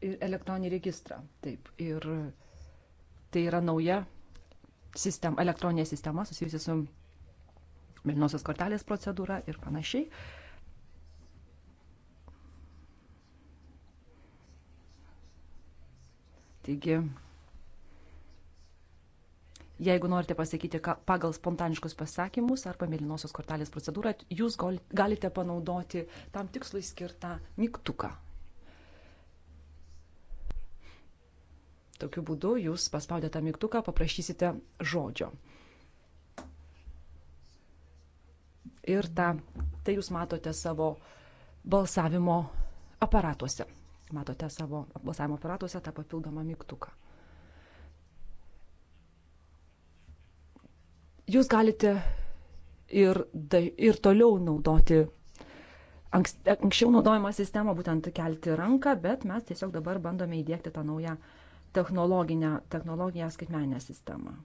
Ir elektroninį registrą, taip. Ir tai yra nauja sistema, elektroninė sistema susijusi su Milnosios kortelės procedūra ir panašiai. Uh, Taigi, jeigu norite pasakyti pagal spontaniškus pasakymus arba mėlynosios kortelės procedūrą, jūs galite panaudoti tam tikslui skirtą mygtuką. Tokiu būdu jūs paspaudę tą mygtuką paprašysite žodžio. Ir ta, tai jūs matote savo balsavimo aparatuose. Matote savo balsavimo aparatuose tą papildomą mygtuką. Jūs galite ir, ir toliau naudoti anksčiau naudojama sistema, būtent kelti ranką, bet mes tiesiog dabar bandome įdėkti tą naują technologinę, technologiją skaitmeninę sistemą.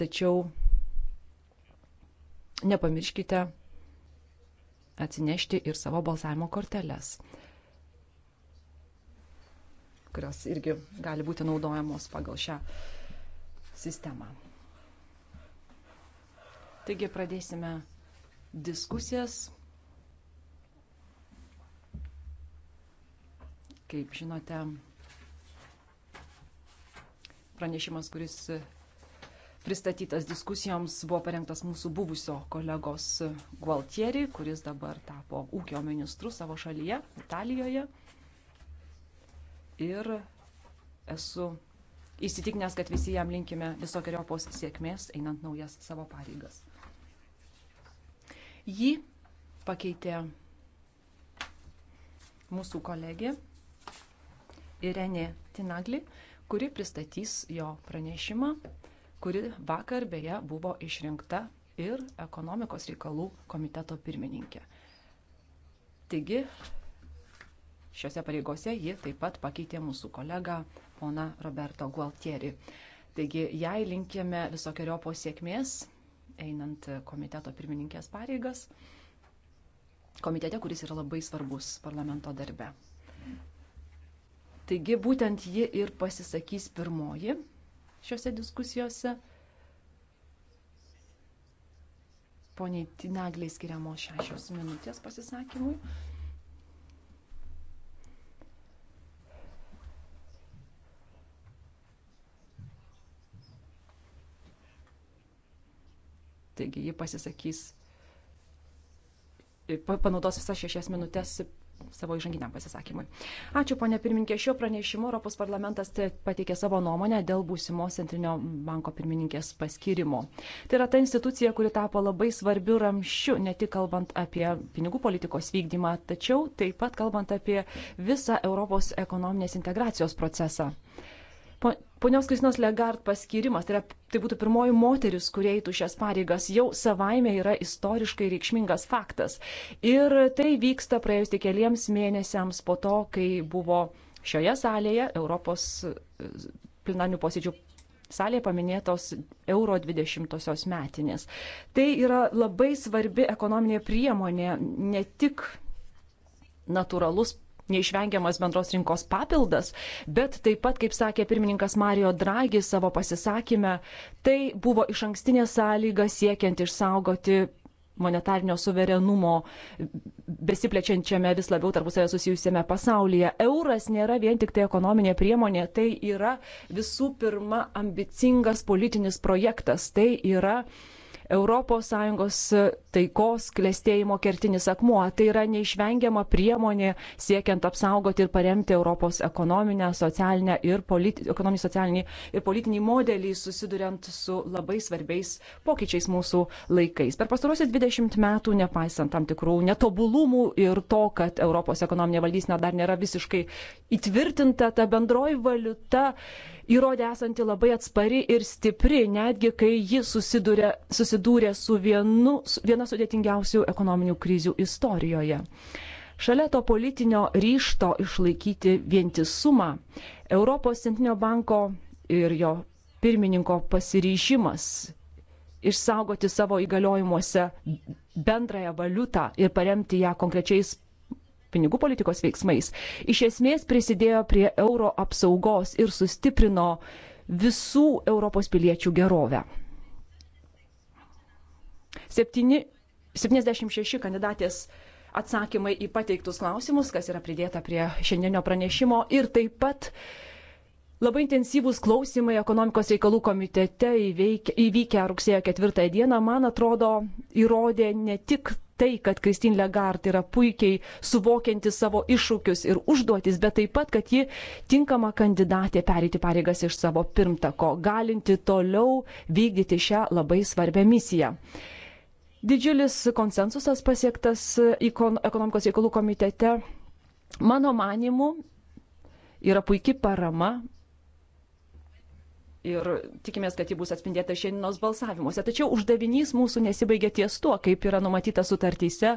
Tačiau nepamirškite atsinešti ir savo balsavimo korteles kurios irgi gali būti naudojamos pagal šią sistemą. Taigi pradėsime diskusijas. Kaip žinote, pranešimas, kuris pristatytas diskusijoms, buvo parengtas mūsų buvusio kolegos Gualtieri, kuris dabar tapo ūkio ministru savo šalyje, Italijoje ir esu įsitikinęs, kad visi jam linkime visokiojopos sėkmės, einant naujas savo pareigas. Jį pakeitė mūsų kolegė Irene Tinagli, kuri pristatys jo pranešimą, kuri vakar beje buvo išrinkta ir ekonomikos reikalų komiteto pirmininkė. Taigi, Šiuose pareigose ji taip pat pakeitė mūsų kolegą, pona Roberto Gualtieri. Taigi jai linkėme visokiojo sėkmės, einant komiteto pirmininkės pareigas, komitete, kuris yra labai svarbus parlamento darbe. Taigi būtent ji ir pasisakys pirmoji šiuose diskusijose. Poniai Tinagliai skiriamos šešios minutės pasisakymui. Taigi ji pasisakys, panaudos visas šešias minutės savo įžanginiam pasisakymui. Ačiū, ponė pirmininkė. Šiuo pranešimu Europos parlamentas pateikė savo nuomonę dėl būsimos Centrinio banko pirmininkės paskirimo. Tai yra ta institucija, kuri tapo labai svarbiu ramščiu, ne tik kalbant apie pinigų politikos vykdymą, tačiau taip pat kalbant apie visą Europos ekonominės integracijos procesą. Ponios Kristinos Legard paskirimas, tai, yra, tai būtų pirmoji moteris, kurie eitų šias pareigas, jau savaime yra istoriškai reikšmingas faktas. Ir tai vyksta praėjus tik keliems mėnesiams po to, kai buvo šioje salėje, Europos e, plenarnių posėdžių salėje paminėtos euro 20-osios metinės. Tai yra labai svarbi ekonominė priemonė, ne tik natūralus neišvengiamas bendros rinkos papildas, bet taip pat, kaip sakė pirmininkas Mario Draghi savo pasisakymę, tai buvo iš ankstinė sąlyga siekiant išsaugoti monetarnio suverenumo besiplečiančiame vis labiau tarpusavę susijusiame pasaulyje. Euras nėra vien tik tai ekonominė priemonė, tai yra visų pirma ambicingas politinis projektas, tai yra uh, ES taikos klėstėjimo kertinis akmuo. Tai yra neišvengiama priemonė siekiant apsaugoti ir paremti Europos ekonominę, socialinę ir, politi ekonominį, socialinį ir politinį modelį, susiduriant su labai svarbiais pokyčiais mūsų laikais. Per pastarosius 20 metų, nepaisant tam tikrų netobulumų ir to, kad Europos ekonominė valdysena dar nėra visiškai įtvirtinta, ta bendroji valiuta įrodė esanti labai atspari ir stipri, netgi kai ji susidūrė, susidūrė su vienu, su viena sudėtingiausių ekonominių krizių istorijoje. Šalia to politinio ryšto išlaikyti vientisumą, Europos centrinio banko ir jo pirmininko pasiryžimas išsaugoti savo įgaliojimuose bendrąją valiutą ir paremti ją konkrečiais pinigų politikos veiksmais, iš esmės prisidėjo prie euro apsaugos ir sustiprino visų Europos piliečių gerovę. 7, 76 kandidatės atsakymai į pateiktus klausimus, kas yra pridėta prie šiandienio pranešimo ir taip pat Labai intensyvūs klausimai ekonomikos reikalų komitete įveikia, įvykę rugsėjo ketvirtąją dieną, man atrodo, įrodė ne tik tai, kad Kristin Legard yra puikiai suvokianti savo iššūkius ir užduotis, bet taip pat, kad ji tinkama kandidatė perėti pareigas iš savo pirmtako, galinti toliau vykdyti šią labai svarbę misiją. Didžiulis konsensusas pasiektas ekonomikos reikalų komitete, mano manimu, yra puikia parama ir tikimės, kad ji bus atspindėta šiandienos balsavimuose. Tačiau uždavinys mūsų nesibaigia ties tuo, kaip yra numatyta sutartyse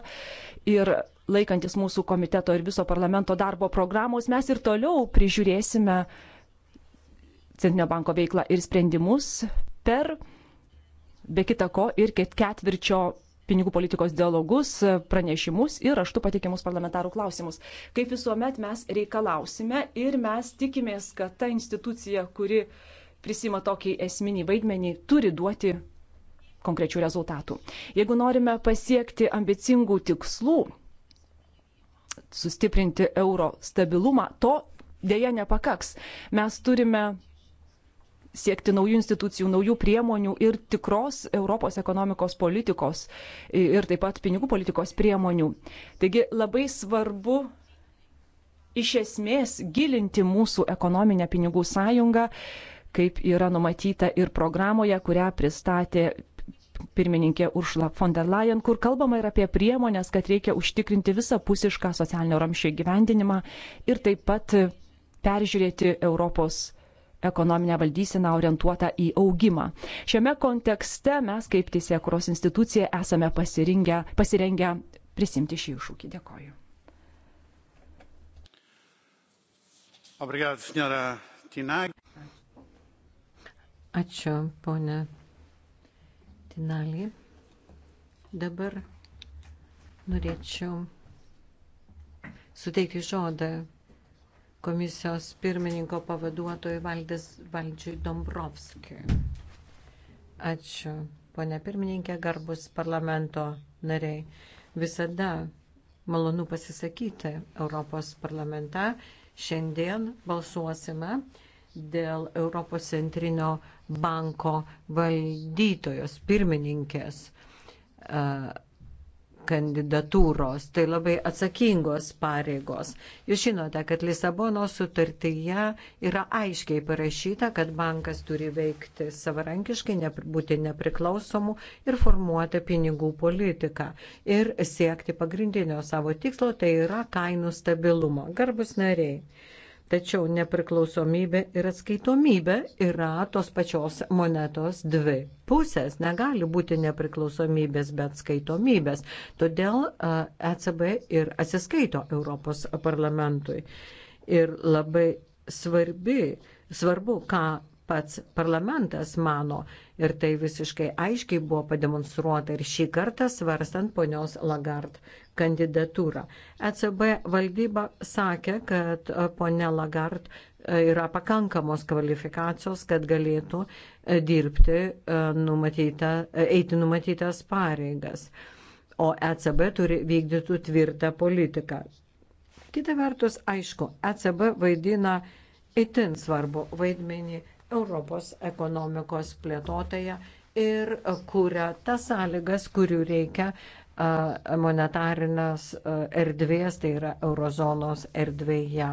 ir laikantis mūsų komiteto ir viso parlamento darbo programos, mes ir toliau prižiūrėsime Centrinio banko veiklą ir sprendimus per, be kita ko, ir ketvirčio pinigų politikos dialogus, pranešimus ir raštu pateikiamus parlamentarų klausimus. Kaip visuomet mes reikalausime ir mes tikimės, kad ta institucija, kuri uh, prisima tokį esminį vaidmenį, turi duoti konkrečių rezultatų. Jeigu norime pasiekti ambicingų tikslų, sustiprinti euro stabilumą, to dėja nepakaks. Mes turime siekti naujų institucijų, naujų priemonių ir tikros Europos ekonomikos politikos ir taip pat pinigų politikos priemonių. Taigi labai svarbu iš esmės gilinti mūsų ekonominę pinigų sąjungą, kaip yra numatyta ir programoje, kurią pristatė pirmininkė Uršla von der Leyen, kur kalbama ir apie priemonės, kad reikia užtikrinti visapusišką socialinio ramščio gyvendinimą ir taip pat peržiūrėti Europos ekonominę valdyseną orientuotą į augimą. Šiame kontekste mes kaip Teisėkuros institucija esame pasirengę prisimti šį iššūkį. Dėkoju. Obrigado, senhora Tinag. Ačiū, ponė Tinalį. Dabar norėčiau suteikti žodą komisijos pirmininko pavaduotojui valdės valdžiui Dombrovskijui. Ačiū, ponė pirmininkė, garbus parlamento nariai. Visada malonu pasisakyti Europos parlamente. Šiandien balsuosime dėl Europos centrinio banko valdytojos pirmininkės e, kandidatūros. Tai labai atsakingos pareigos. Jūs žinote, kad Lisabono sutartyje yra aiškiai parašyta, kad bankas turi veikti savarankiškai, būti nepriklausomu ir formuoti pinigų politiką ir siekti pagrindinio savo tikslo, tai yra kainų stabilumo. Garbus nariai. Tačiau nepriklausomybė ir atskaitomybė yra tos pačios monetos dvi pusės. Negali būti nepriklausomybės be atskaitomybės. Todėl ECB ir atsiskaito Europos parlamentui. Ir labai svarbi, svarbu, ką pats parlamentas mano Ir tai visiškai aiškiai buvo pademonstruota ir šį kartą svarstant ponios Lagard kandidatūrą. ECB valdyba sakė, kad e, ponia Lagard e, yra pakankamos kvalifikacijos, kad galėtų e, dirbti, numatyta, eiti numatytas pareigas. O ECB turi vykdytų tvirtą politiką. Kita vertus, aišku, ECB vaidina itin svarbu vaidmenį Europos ekonomikos plėtotoje ir kūrė tas sąlygas, kurių reikia monetarinės erdvės, tai yra eurozonos erdvėje.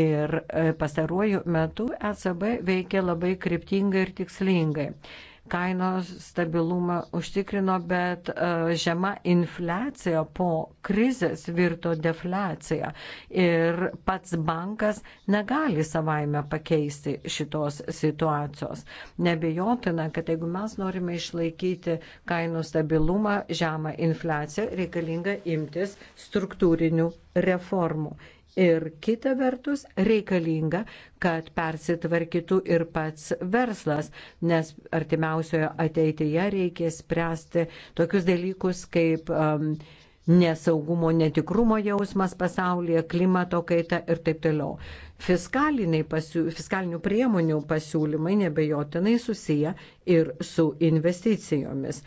Ir e, pastaruoju metu ECB veikia labai kryptingai ir tikslingai kainos stabilumą užtikrino, bet e, žema infliacija po krizės virto defliacija ir pats bankas negali savaime pakeisti šitos situacijos. Nebejotina, kad jeigu mes norime išlaikyti kainų stabilumą, žemą infliaciją, reikalinga imtis struktūrinių reformų. Ir kita vertus reikalinga, kad persitvarkytų ir pats verslas, nes artimiausioje ateityje reikės spręsti tokius dalykus kaip um, nesaugumo, netikrumo jausmas pasaulyje, klimato kaita ir taip toliau. Pasiū, fiskalinių priemonių pasiūlymai nebejotinai susiję ir su investicijomis.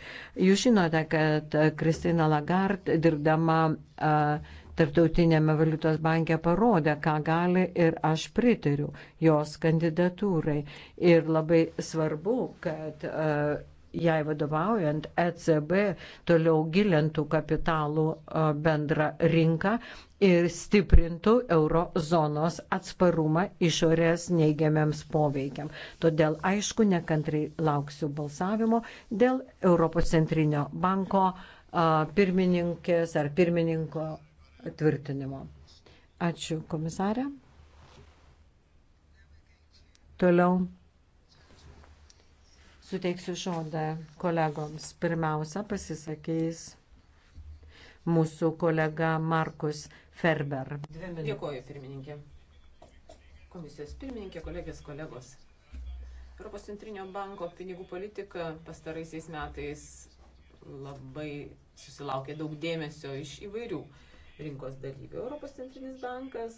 Jūs žinote, kad Kristina Lagard dirbdama uh, Tarptautinėme valiutos banke parodė, ką gali ir aš pritariu jos kandidatūrai. Ir labai svarbu, kad e, jai vadovaujant ECB toliau gilintų kapitalų e, bendrą rinką ir stiprintų eurozonos atsparumą išorės neigiamiams poveikiam. Todėl aišku, nekantrai lauksiu balsavimo dėl Europos centrinio banko e, pirmininkės ar pirmininko tvirtinimo. Ačiū, komisarė. Toliau suteiksiu žodą kolegoms. Pirmiausia, pasisakys mūsų kolega Markus Ferber. Dėkoju, pirmininkė. Komisijos pirmininkė, kolegės, kolegos. Europos centrinio banko pinigų politika pastaraisiais metais labai susilaukė daug dėmesio iš įvairių rinkos dalyvių. Europos centrinis bankas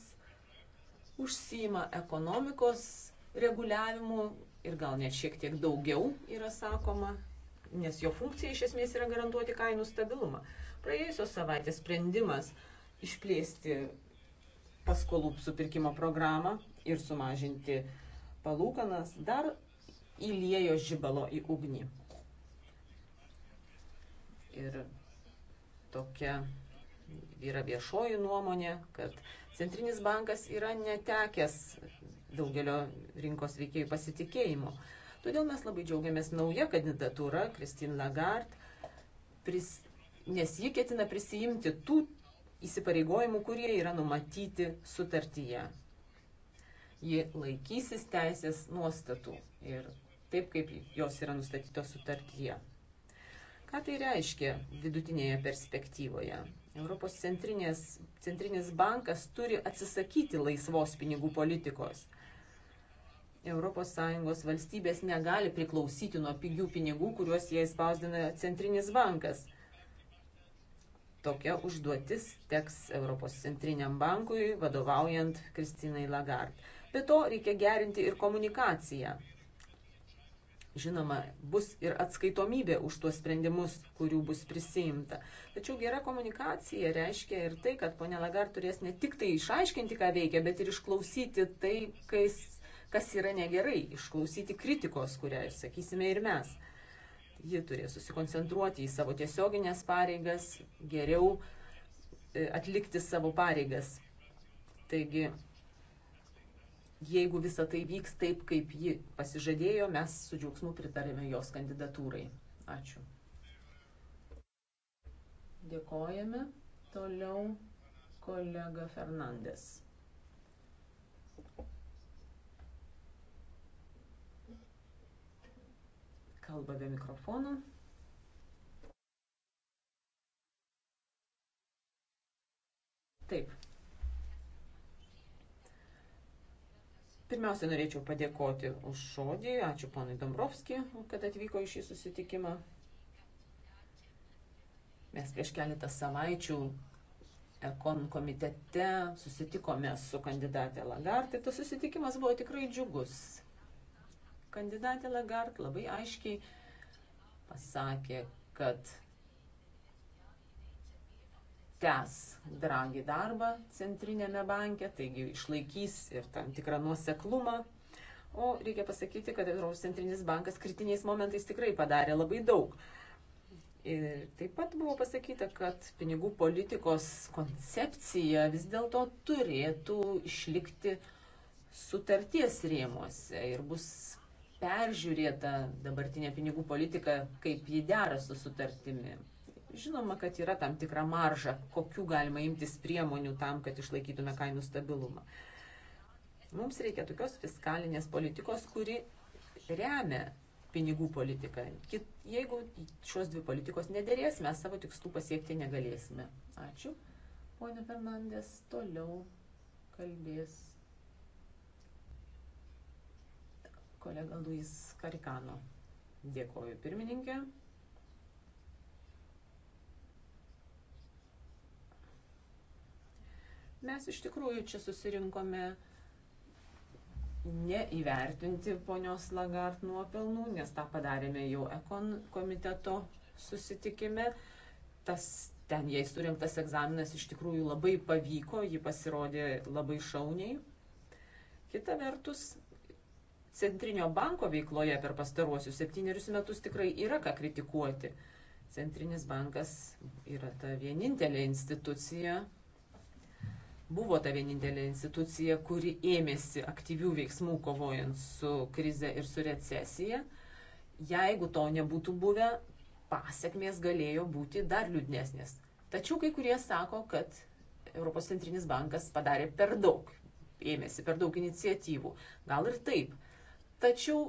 užsima ekonomikos reguliavimu ir gal net šiek tiek daugiau yra sakoma, nes jo funkcija iš esmės yra garantuoti kainų stabilumą. Praėjusios savaitės sprendimas išplėsti paskolų supirkimo programą ir sumažinti palūkanas dar įliejo žibalo į ugnį. Ir tokia yra viešoji nuomonė, kad centrinis bankas yra netekęs daugelio rinkos veikėjų pasitikėjimo. Todėl mes labai džiaugiamės nauja kandidatūra Kristin Lagarde, pris, nes ji ketina prisijimti tų įsipareigojimų, kurie yra numatyti sutartyje. Ji laikysis teisės nuostatų ir taip, kaip jos yra nustatytos sutartyje. Ką tai reiškia vidutinėje perspektyvoje? Europos centrinės, centrinis bankas turi atsisakyti laisvos pinigų politikos. ES valstybės negali priklausyti nuo pigių pinigų, kuriuos jie spausdina centrinis bankas. Tokia užduotis teks Europos centriniam bankui, vadovaujant Kristinai Lagarde. Be to reikia gerinti ir komunikaciją. Žinoma, bus ir atskaitomybė už tuos sprendimus, kurių bus prisimta. Tačiau gera komunikacija reiškia ir tai, kad ponė Lagar turės ne tik tai išaiškinti, ką veikia, bet ir išklausyti tai, kas, kas yra negerai, išklausyti kritikos, kurią išsakysime ir mes. Ji turės susikoncentruoti į savo tiesioginės pareigas, geriau e, atlikti savo pareigas. Taigi jeigu visa tai vyks taip, kaip ji pasižadėjo, mes su džiaugsmu pritarėme jos kandidatūrai. Ačiū. Dėkojame. Toliau kolega Fernandes. Kalba be mikrofono. Taip, Pirmiausia, norėčiau padėkoti už šodį. Ačiū ponui Dombrovski, kad atvyko į šį susitikimą. Mes prieš keletą savaičių Ekon komitete susitikome su kandidatė Lagart ir tas susitikimas buvo tikrai džiugus. Kandidatė Lagart labai aiškiai pasakė, kad tęs dragi darbą centrinėme banke, taigi išlaikys ir tam tikrą nuoseklumą. O reikia pasakyti, kad Europos centrinis bankas kritiniais momentais tikrai padarė labai daug. Ir taip pat buvo pasakyta, kad pinigų politikos koncepcija vis dėlto turėtų išlikti sutarties rėmuose ir bus peržiūrėta dabartinė pinigų politika, kaip ji dera su sutartimi. Žinoma, kad yra tam tikra marža, kokiu galima imtis priemonių tam, kad išlaikytume kainų stabilumą. Mums reikia tokios fiskalinės politikos, kuri remia pinigų politiką. Jeigu šios dvi politikos nederės, mes savo tikslų pasiekti negalėsime. Ačiū. Pone Fernandės, toliau kalbės kolega Luis Karikano. Dėkoju pirmininkė. Mes iš tikrųjų čia susirinkome neįvertinti ponios Lagart nuopelnų, nes tą padarėme jau ekon komiteto susitikime. Tas ten jai surinktas egzaminas iš tikrųjų labai pavyko, ji pasirodė labai šauniai. Kita vertus, Centrinio banko veikloje per pastaruosius septynerius metus tikrai yra ką kritikuoti. Centrinis bankas yra ta vienintelė institucija, buvo ta vienintelė institucija, kuri ėmėsi aktyvių veiksmų kovojant su krize ir su recesija. Jeigu to nebūtų buvę, pasiekmės galėjo būti dar liūdnesnės. Tačiau kai kurie sako, kad Europos centrinis bankas padarė per daug, ėmėsi per daug iniciatyvų. Gal ir taip. Tačiau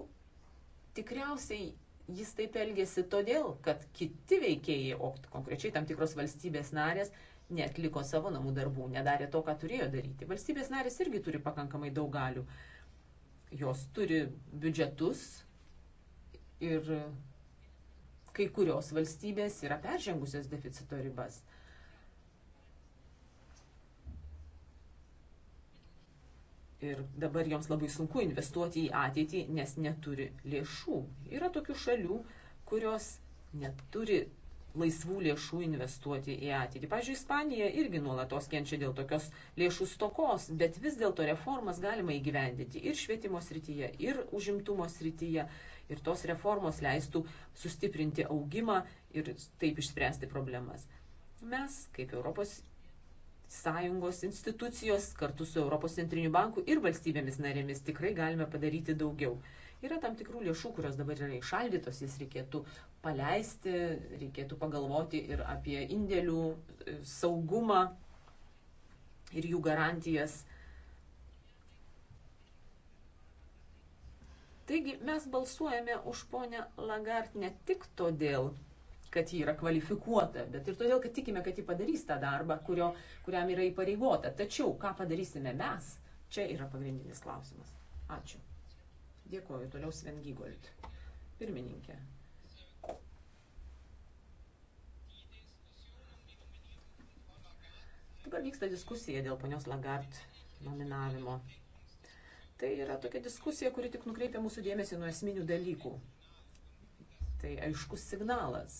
tikriausiai jis taip elgėsi todėl, kad kiti veikėjai, o konkrečiai tam tikros valstybės narės, netliko savo namų darbų, nedarė to, ką turėjo daryti. Valstybės narės irgi turi pakankamai daug galių. Jos turi biudžetus ir kai kurios valstybės yra peržengusios deficito ribas. Ir dabar joms labai sunku investuoti į ateitį, nes neturi lėšų. Yra tokių šalių, kurios neturi laisvų lėšų investuoti į ateitį. Pavyzdžiui, Ispanija irgi nuolatos kenčia dėl tokios lėšų stokos, bet vis dėlto reformas galima įgyvendinti ir švietimo srityje, ir užimtumo srityje. Ir tos reformos leistų sustiprinti augimą ir taip išspręsti problemas. Mes, kaip Europos sąjungos institucijos kartu su Europos centriniu banku ir valstybėmis narėmis tikrai galime padaryti daugiau. Yra tam tikrų lėšų, kurios dabar yra išaldytos, jas reikėtų paleisti, reikėtų pagalvoti ir apie indėlių e, saugumą ir jų garantijas. Taigi mes balsuojame už ponę Lagart ne tik todėl, kad ji yra kvalifikuota, bet ir todėl, kad tikime, kad ji padarys tą darbą, kurio, kuriam yra įpareigota. Tačiau, ką padarysime mes, čia yra pagrindinis klausimas. Ačiū. Dėkuoju. Toliau Sven Gygolit. Pirmininkė. Dabar vyksta diskusija dėl ponios Lagart nominavimo. Tai yra tokia diskusija, kuri tik nukreipia mūsų dėmesį nuo esminių dalykų. Tai aiškus signalas.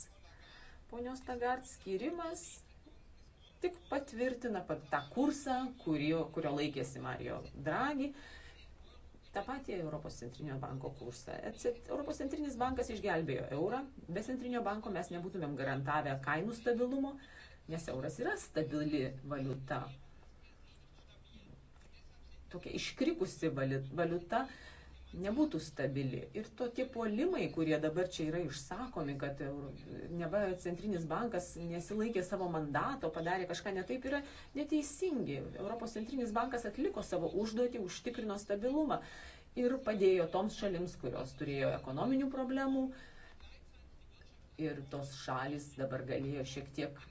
Ponios Lagart skirimas tik patvirtina tą kursą, kurio, kurio laikėsi Mario Draghi. Ta pati Europos centrinio banko kursą. Europos centrinis bankas išgelbėjo eurą. Be centrinio banko mes nebūtumėm garantavę kainų stabilumo, nes euras yra stabili valiuta. Tokia iškrikusi valiuta nebūtų stabili. Ir tokie puolimai, kurie dabar čia yra išsakomi, kad neba centrinis bankas nesilaikė savo mandato, padarė kažką netaip, yra neteisingi. Europos centrinis bankas atliko savo užduotį, užtikrino stabilumą ir padėjo toms šalims, kurios turėjo ekonominių problemų. Ir tos šalis dabar galėjo šiek tiek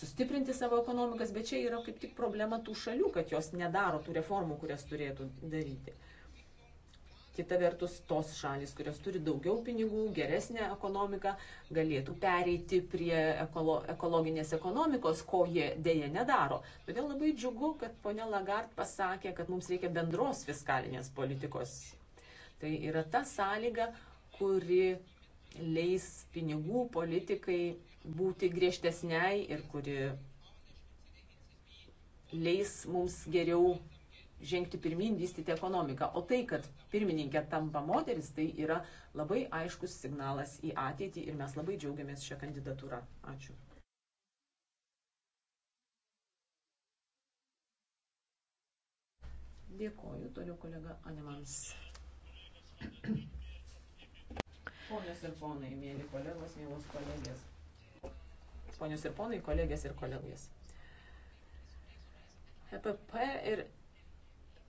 sustiprinti savo ekonomikas, bet čia yra kaip tik problema tų šalių, kad jos nedaro tų reformų, kurias turėtų daryti. Kita vertus, tos šalis, kurios turi daugiau pinigų, geresnę ekonomiką, galėtų pereiti prie ekolo, ekologinės ekonomikos, ko jie dėje nedaro. Todėl labai džiugu, kad ponia Lagard pasakė, kad mums reikia bendros fiskalinės politikos. Tai yra ta sąlyga, kuri leis pinigų politikai būti griežtesniai ir kuri leis mums geriau žengti pirmin, vystyti ekonomiką. O tai, kad pirmininkė tampa moteris, tai yra labai aiškus signalas į ateitį ir mes labai džiaugiamės šią kandidatūrą. Ačiū. Dėkoju, toliau kolega Animans. Ponios ir ponai, mėly kolegos, mėlos kolegės ponios ir ponai, kolegės ir kolegės. EPP ir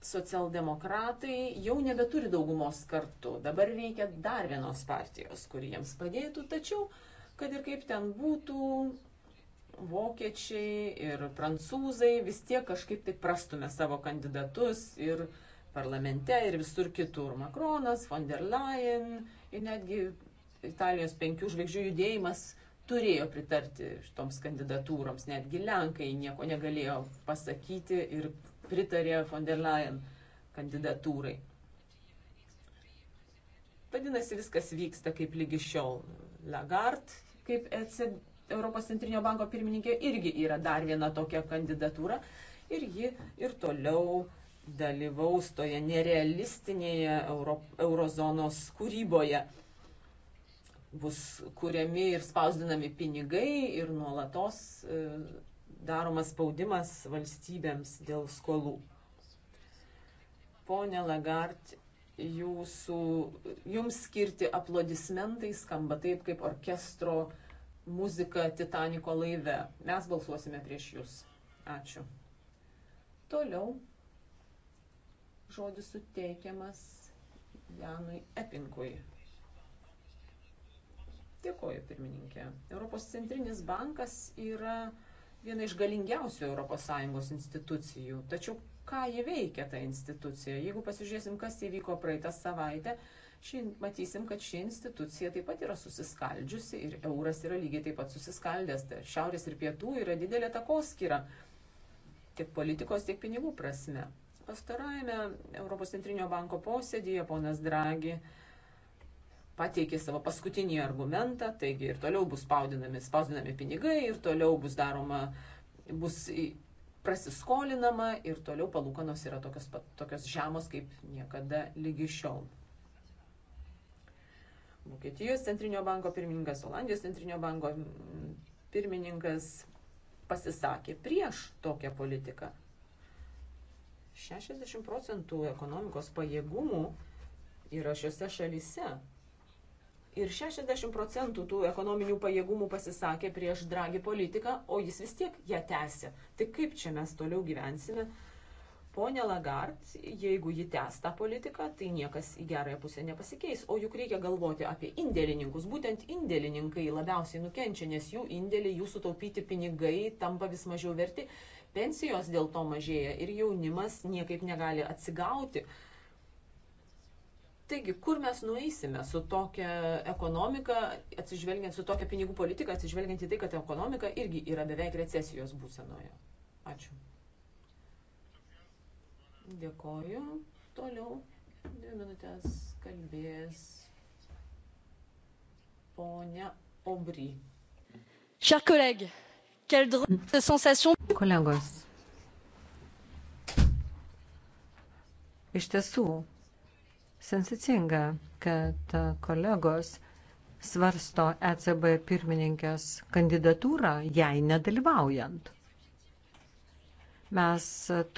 socialdemokratai jau nebeturi daugumos kartu. Dabar reikia dar vienos partijos, kuri jiems padėtų, tačiau, kad ir kaip ten būtų, vokiečiai ir prancūzai vis tiek kažkaip tai prastume savo kandidatus ir parlamente ir visur kitur. Makronas, von der Leyen ir netgi Italijos penkių žvaigždžių judėjimas turėjo pritarti šitoms kandidatūroms, netgi Lenkai nieko negalėjo pasakyti ir pritarė von der Leyen kandidatūrai. Vadinasi, viskas vyksta kaip lygi šiol. Lagart, kaip ECB, Europos centrinio banko pirmininkė, irgi yra dar viena tokia kandidatūra ir ji ir toliau dalyvaus toje nerealistinėje Euro, eurozonos kūryboje bus kuriami ir spausdinami pinigai ir nuolatos e, daromas spaudimas valstybėms dėl skolų. Pone Lagart, jūsų, jums skirti aplodismentai skamba taip, kaip orkestro muzika Titaniko laive. Mes balsuosime prieš jūs. Ačiū. Toliau žodis suteikiamas Janui Epinkui. Dėkoju, pirmininkė. Europos centrinis bankas yra viena iš galingiausių ES institucijų. Tačiau ką ji veikia, ta institucija? Jeigu pasižiūrėsim, kas įvyko praeitą savaitę, ši, matysim, kad ši institucija taip pat yra susiskaldžiusi ir euras yra lygiai taip pat susiskaldęs. Tai šiaurės ir pietų yra didelė takoskyra tiek politikos, tiek pinigų prasme. Pastarajame Europos centrinio banko posėdėje ponas Dragi pateikė savo paskutinį argumentą, taigi ir toliau bus spaudinami, spausdinami pinigai, ir toliau bus daroma, bus prasiskolinama, ir toliau palūkanos yra tokios, tokios žemos kaip niekada lygi šiol. Vokietijos centrinio banko pirmininkas, Olandijos centrinio banko mm, pirmininkas pasisakė prieš tokią politiką. 60 procentų ekonomikos pajėgumų yra šiuose šalyse ir 60 procentų tų ekonominių pajėgumų pasisakė prieš dragi politiką, o jis vis tiek ją tęsė. Tai kaip čia mes toliau gyvensime? Pone Lagart, jeigu ji tęs tą politiką, tai niekas į gerąją pusę nepasikeis. O juk reikia galvoti apie indėlininkus. Būtent indėlininkai labiausiai nukenčia, nes jų indėliai, jų sutaupyti pinigai tampa vis mažiau verti, pensijos dėl to mažėja ir jaunimas niekaip negali atsigauti. Uh, Taigi, kur mes nueisime su tokia ekonomika, atsižvelgiant su tokia pinigų politika, atsižvelgiant į tai, kad ekonomika irgi yra beveik recesijos būsenoje. Ačiū. Dėkoju. Toliau dvi minutės kalbės ponia Obry. Chers collègues, quelle drôle de sensation. Kolegos. Iš tiesų, Sensacinga, kad kolegos svarsto ECB pirmininkės kandidatūrą, jai nedalyvaujant. Mes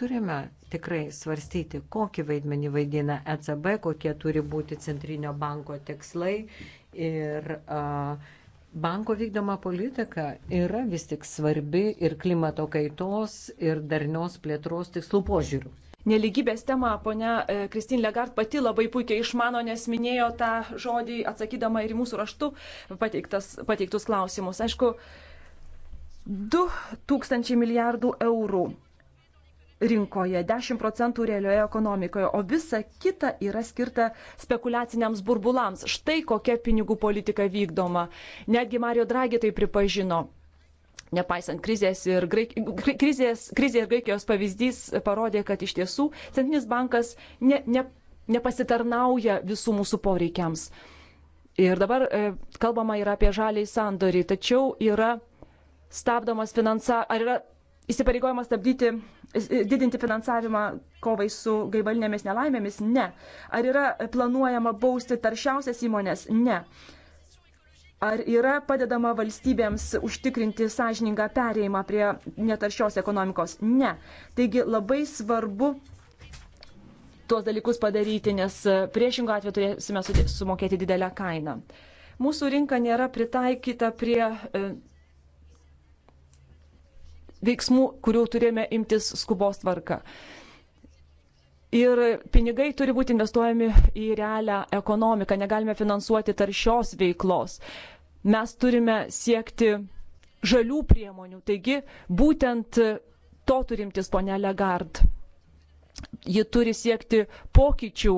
turime tikrai svarstyti, kokį vaidmenį vaidina ECB, kokie turi būti centrinio banko tikslai ir uh, Banko vykdoma politika yra vis tik svarbi ir klimato kaitos, ir darnios plėtros tikslų požiūrių. Neligybės temą ponia e, Kristin Legard pati labai puikiai išmano, nes minėjo tą žodį atsakydama ir mūsų raštu pateiktas, pateiktus klausimus. Aišku, 2000 milijardų eurų rinkoje, 10 procentų realioje ekonomikoje, o visa kita yra skirta spekuliaciniams burbulams. Štai kokia pinigų politika vykdoma. Netgi Mario Draghi tai pripažino Nepaisant krizės ir, graik, krizės, krizė ir Graikijos pavyzdys parodė, kad iš tiesų Centrinis bankas ne, ne, nepasitarnauja visų mūsų poreikiams. Ir dabar e, kalbama yra apie žaliai sandorį, tačiau yra stabdomas finansavimas, ar yra įsipareigojimas stabdyti, e, didinti finansavimą kovai su gaivalinėmis nelaimėmis? Ne. Ar yra planuojama bausti taršiausias įmonės? Ne. Ar yra padedama valstybėms užtikrinti sąžiningą perėjimą prie netaršios ekonomikos? Ne. Taigi labai svarbu tuos dalykus padaryti, nes priešingo atveju turėsime sumokėti didelę kainą. Mūsų rinka nėra pritaikyta prie e, veiksmų, kurių turėjome imtis skubos tvarka. Ir pinigai turi būti investuojami į realią ekonomiką, negalime finansuoti taršios veiklos. Mes turime siekti žalių priemonių. Taigi būtent to turimtis ponė Legard. Ji turi siekti pokyčių.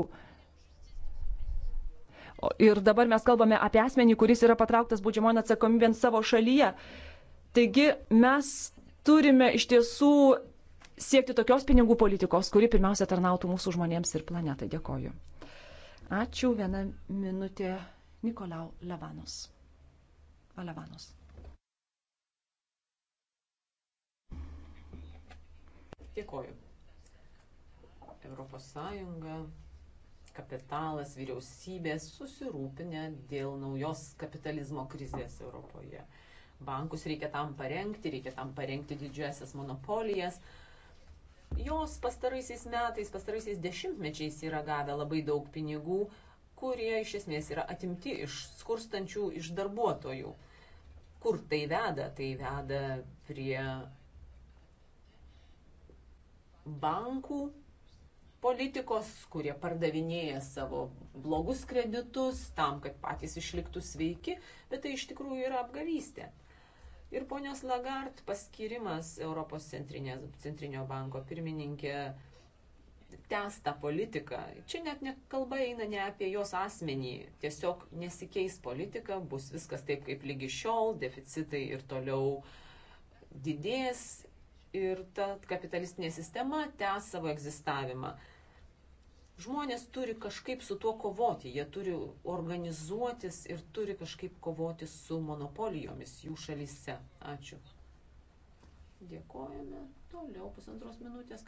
Ir dabar mes kalbame apie asmenį, kuris yra patrauktas būdžiamon atsakomybėn savo šalyje. Taigi mes turime iš tiesų siekti tokios pinigų politikos, kuri pirmiausia tarnautų mūsų žmonėms ir planetai. Dėkoju. Ačiū. Viena minutė Nikolau Levanos. Alevanos. Dėkoju. Europos Sąjunga, kapitalas, vyriausybės susirūpinę dėl naujos kapitalizmo krizės Europoje. Bankus reikia tam parengti, reikia tam parengti didžiasias monopolijas, Jos pastaraisiais metais, pastaraisiais dešimtmečiais yra gavę labai daug pinigų, kurie iš esmės yra atimti iš skurstančių, iš darbuotojų. Kur tai veda? Tai veda prie bankų politikos, kurie pardavinėja savo blogus kreditus tam, kad patys išliktų sveiki, bet tai iš tikrųjų yra apgavystė. Ir ponios Lagart paskirimas Europos centrinės, centrinio banko pirmininkė tęsta politika. Čia net ne kalba eina ne apie jos asmenį. Tiesiog nesikeis politika, bus viskas taip kaip lygi šiol, deficitai ir toliau didės ir ta kapitalistinė sistema tęs savo egzistavimą. Žmonės turi kažkaip su tuo kovoti, jie turi organizuotis ir turi kažkaip kovoti su monopolijomis jų šalyse. Ačiū. Dėkojame. Toliau pusantros minutės.